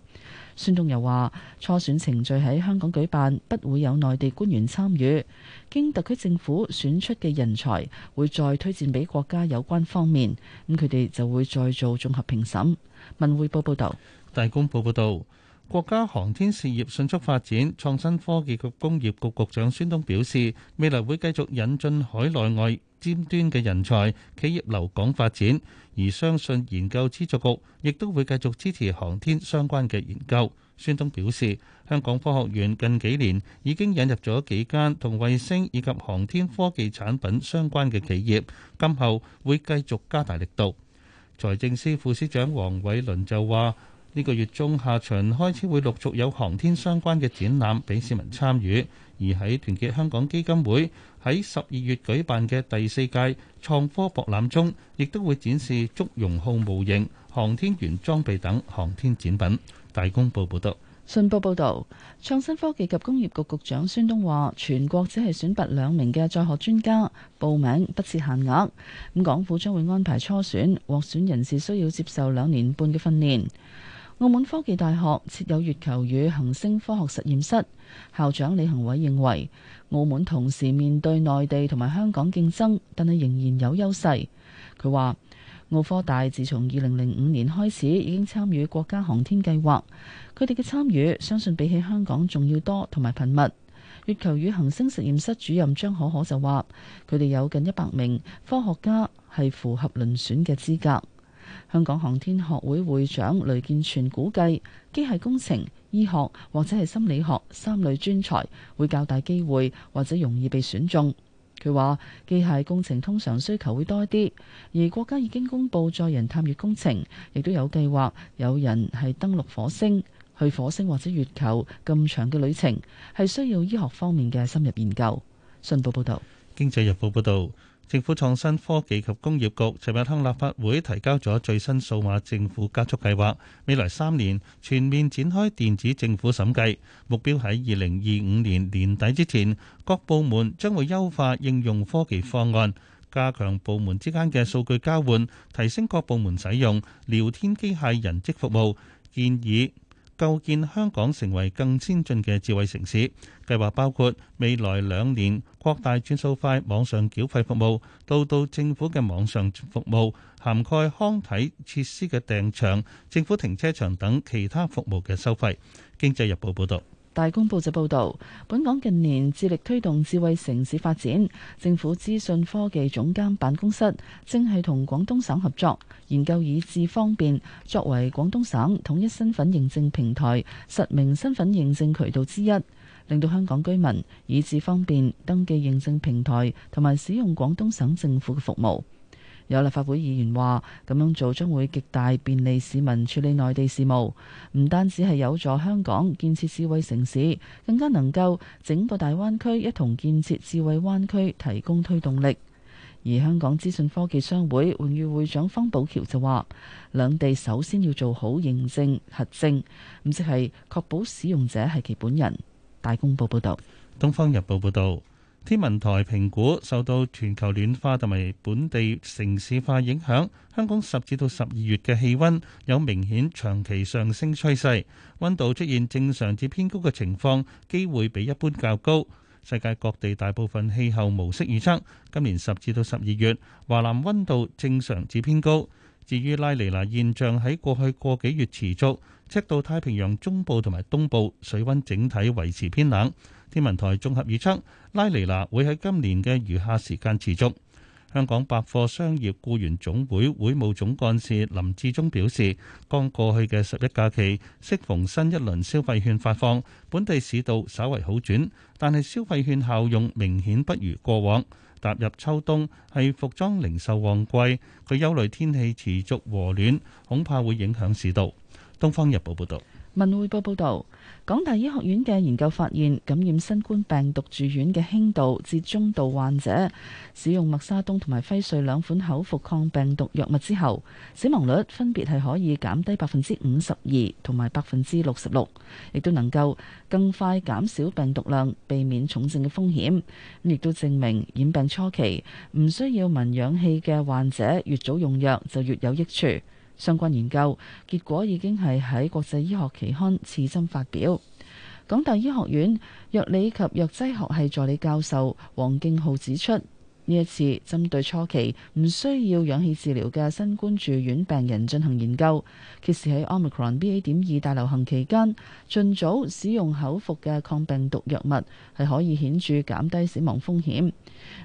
孫東又話，初選程序喺香港舉辦，不會有內地官員參與。經特區政府選出嘅人才，會再推薦俾國家有關方面，咁佢哋就會再做綜合評審。文匯報報道，大公報報道。國家航天事業迅速發展，創新科技及局工業局局長孫東表示，未來會繼續引進海內外尖端嘅人才、企業留港發展，而相信研究資助局亦都會繼續支持航天相關嘅研究。孫東表示，香港科學園近幾年已經引入咗幾間同衛星以及航天科技產品相關嘅企業，今後會繼續加大力度。財政司副司長黃偉綸就話。呢個月中下旬開始，會陸續有航天相關嘅展覽俾市民參與。而喺團結香港基金會喺十二月舉辦嘅第四屆創科博覽中，亦都會展示祝融號模型、航天員裝備等航天展品。大公報報道：「信報報道，創新科技及工業局局長孫東話：全國只係選拔兩名嘅在學專家報名不，不設限額。咁港府將會安排初選，獲選人士需要接受兩年半嘅訓練。澳門科技大學設有月球與行星科學實驗室，校長李行偉認為，澳門同時面對內地同埋香港競爭，但係仍然有優勢。佢話澳科大自從二零零五年開始已經參與國家航天計劃，佢哋嘅參與相信比起香港仲要多同埋頻密。月球與行星實驗室主任張可可就話，佢哋有近一百名科學家係符合遴選嘅資格。香港航天學會會長雷建全估計，機械工程、醫學或者係心理學三類專才會較大機會或者容易被選中。佢話機械工程通常需求會多啲，而國家已經公布載人探月工程，亦都有計劃有人係登陸火星、去火星或者月球。咁長嘅旅程係需要醫學方面嘅深入研究。信報報道、，《經濟日報》報道。政府創新科技及工業局尋日向立法會提交咗最新數碼政府加速計劃，未來三年全面展開電子政府審計，目標喺二零二五年年底之前，各部門將會優化應用科技方案，加強部門之間嘅數據交換，提升各部門使用聊天機械人職服務建議。構建香港成為更先進嘅智慧城市，計劃包括未來兩年擴大轉數快網上繳費服務，到到政府嘅網上服務，涵蓋康體設施嘅訂場、政府停車場等其他服務嘅收費。經濟日報報導。大公報就報道，本港近年致力推動智慧城市發展，政府資訊科技總監辦公室正係同廣東省合作，研究以智方便作為廣東省統一身份認證平台實名身份認證渠道之一，令到香港居民以智方便登記認證平台同埋使用廣東省政府嘅服務。有立法會議員話：咁樣做將會極大便利市民處理內地事務，唔單止係有助香港建設智慧城市，更加能夠整個大灣區一同建設智慧灣區，提供推動力。而香港資訊科技商會榮譽會長方寶橋就話：兩地首先要做好認證核證，咁即係確保使用者係其本人。大公報報道，東方日報報道。天文台評估，受到全球暖化同埋本地城市化影響，香港十至到十二月嘅氣温有明顯長期上升趨勢，温度出現正常至偏高嘅情況機會比一般較高。世界各地大部分氣候模式預測，今年十至到十二月華南温度正常至偏高。至於拉尼娜現象喺過去過幾月持續，赤道太平洋中部同埋東部水温整體維持偏冷。天文台綜合預測。拉尼娜會喺今年嘅餘下時間持續。香港百貨商業僱員總會會務總幹事林志忠表示，剛過去嘅十一假期，適逢新一輪消費券發放，本地市道稍為好轉，但係消費券效用明顯不如過往。踏入秋冬係服裝零售旺季，佢憂慮天氣持續和暖，恐怕會影響市道。《東方日報》報道。《文匯報》報導。港大醫學院嘅研究發現，感染新冠病毒住院嘅輕度至中度患者，使用默沙東同埋輝瑞兩款口服抗病毒藥物之後，死亡率分別係可以減低百分之五十二同埋百分之六十六，亦都能夠更快減少病毒量，避免重症嘅風險。咁亦都證明染病初期唔需要聞氧氣嘅患者，越早用藥就越有益處。相關研究結果已經係喺國際醫學期刊《刺針》發表。港大醫學院藥理及藥劑學系助理教授黃敬浩指出，呢一次針對初期唔需要氧氣治療嘅新冠住院病人進行研究，其實喺 Omicron B. A. 點二大流行期間，儘早使用口服嘅抗病毒藥物係可以顯著減低死亡風險。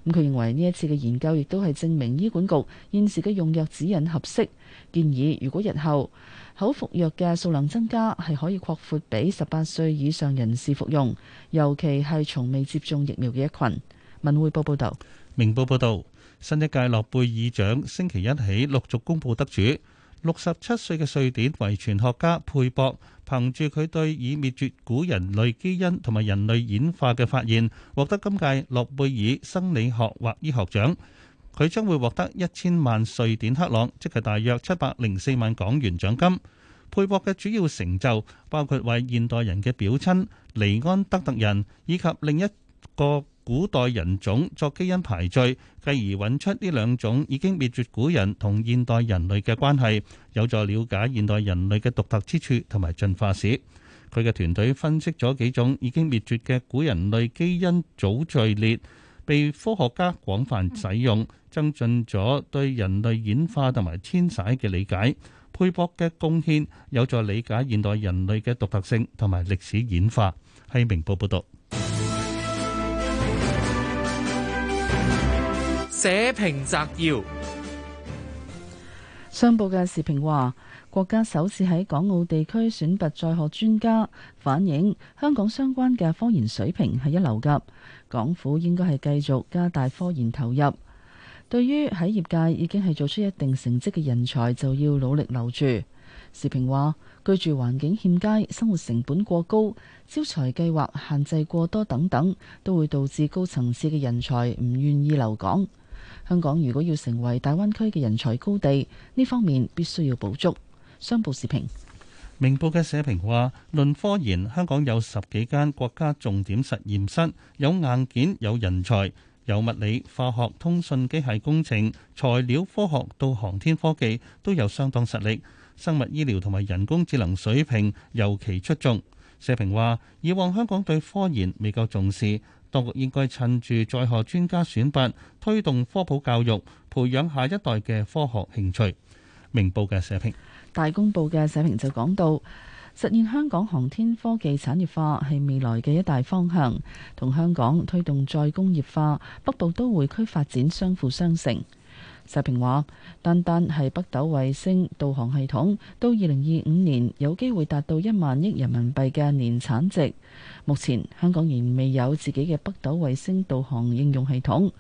咁佢認為呢一次嘅研究亦都係證明醫管局現時嘅用藥指引合適，建議如果日後口服藥嘅數量增加，係可以擴闊俾十八歲以上人士服用，尤其係從未接種疫苗嘅一群。文匯報報道。明報報導，新一屆諾貝爾獎星期一起陸續公佈得主。六十七歲嘅瑞典遺傳學家佩博，憑住佢對已滅絕古人類基因同埋人類演化嘅發現，獲得今屆諾貝爾生理學或醫學獎。佢將會獲得一千萬瑞典克朗，即係大約七百零四萬港元獎金。佩博嘅主要成就包括為現代人嘅表親、尼安德特人，以及另一個。古代人種作基因排序，繼而揾出呢兩種已經滅絕古人同現代人類嘅關係，有助了解現代人類嘅獨特之處同埋進化史。佢嘅團隊分析咗幾種已經滅絕嘅古人類基因組序列，被科學家廣泛使用，增進咗對人類演化同埋遷徙嘅理解。佩博嘅貢獻有助理解現代人類嘅獨特性同埋歷史演化。係明報報導。社評摘要。商報嘅時評話，國家首次喺港澳地區選拔在學專家，反映香港相關嘅科研水平係一流㗎。港府應該係繼續加大科研投入。對於喺業界已經係做出一定成績嘅人才，就要努力留住。時評話，居住環境欠佳、生活成本過高、招才計劃限制過多等等，都會導致高層次嘅人才唔願意留港。香港如果要成為大灣區嘅人才高地，呢方面必須要補足。商報視評，明報嘅社評話：論科研，香港有十幾間國家重點實驗室，有硬件，有人才，由物理、化學、通訊、機械工程、材料科學到航天科技都有相當實力。生物醫療同埋人工智能水平尤其出眾。社評話：以往香港對科研未夠重視。當局應該趁住在學專家選拔，推動科普教育，培養下一代嘅科學興趣。明報嘅社評、大公報嘅社評就講到，實現香港航天科技產業化係未來嘅一大方向，同香港推動再工業化、北部都會區發展相輔相成。社評話：單單係北斗衛星導航系統，到二零二五年有機會達到一萬億人民幣嘅年產值。目前香港仍未有自己嘅北斗衛星導航應用系統。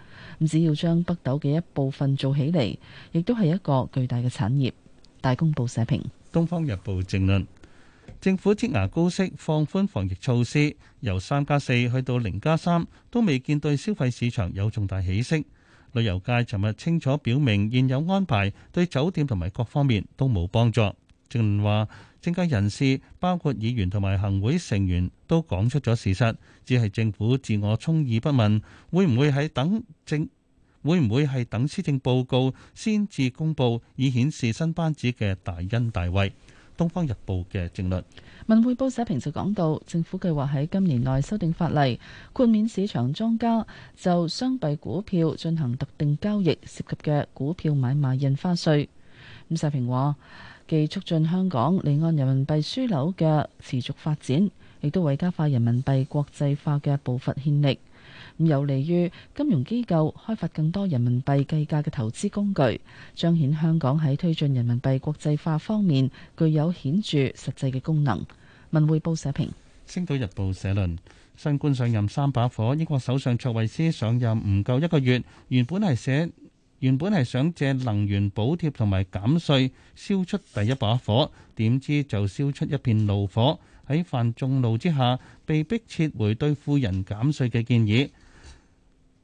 咁只要將北斗嘅一部分做起嚟，亦都係一個巨大嘅產業。大公報社評，《東方日報》正論：，政府擠牙膏式放寬防疫措施，由三加四去到零加三，都未見對消費市場有重大起色。旅遊界尋日清楚表明，現有安排對酒店同埋各方面都冇幫助。正話，政界人士，包括議員同埋行會成員都講出咗事實，只係政府自我充耳不聞。會唔會係等政？會唔會係等施政報告先至公佈，以顯示新班子嘅大恩大惠？《東方日報》嘅正論文匯報社評就講到，政府計劃喺今年內修訂法例，豁免市場莊家就雙幣股票進行特定交易涉及嘅股票買賣印花稅。社評話，既促進香港離岸人民幣樞紐嘅持續發展，亦都為加快人民幣國際化嘅步伐獻力。咁有利於金融機構開發更多人民幣計價嘅投資工具，彰顯香港喺推進人民幣國際化方面具有顯著實際嘅功能。文匯報社評。《星島日報》社論：新官上任三把火。英國首相卓慧思上任唔夠一個月，原本係寫，原本係想借能源補貼同埋減稅燒出第一把火，點知就燒出一片怒火。喺犯眾怒之下，被逼撤回對富人減稅嘅建議。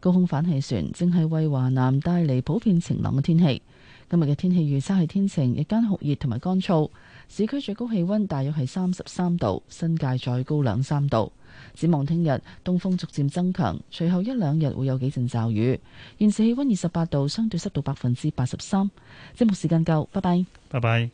高空反氣旋正係為華南帶嚟普遍晴朗嘅天氣。今日嘅天氣預測係天晴，日間酷熱同埋乾燥。市區最高氣溫大約係三十三度，新界再高兩三度。展望聽日，東風逐漸增強，隨後一兩日會有幾陣驟雨。現時氣溫二十八度，相對濕度百分之八十三。節目時間夠，拜拜，拜拜。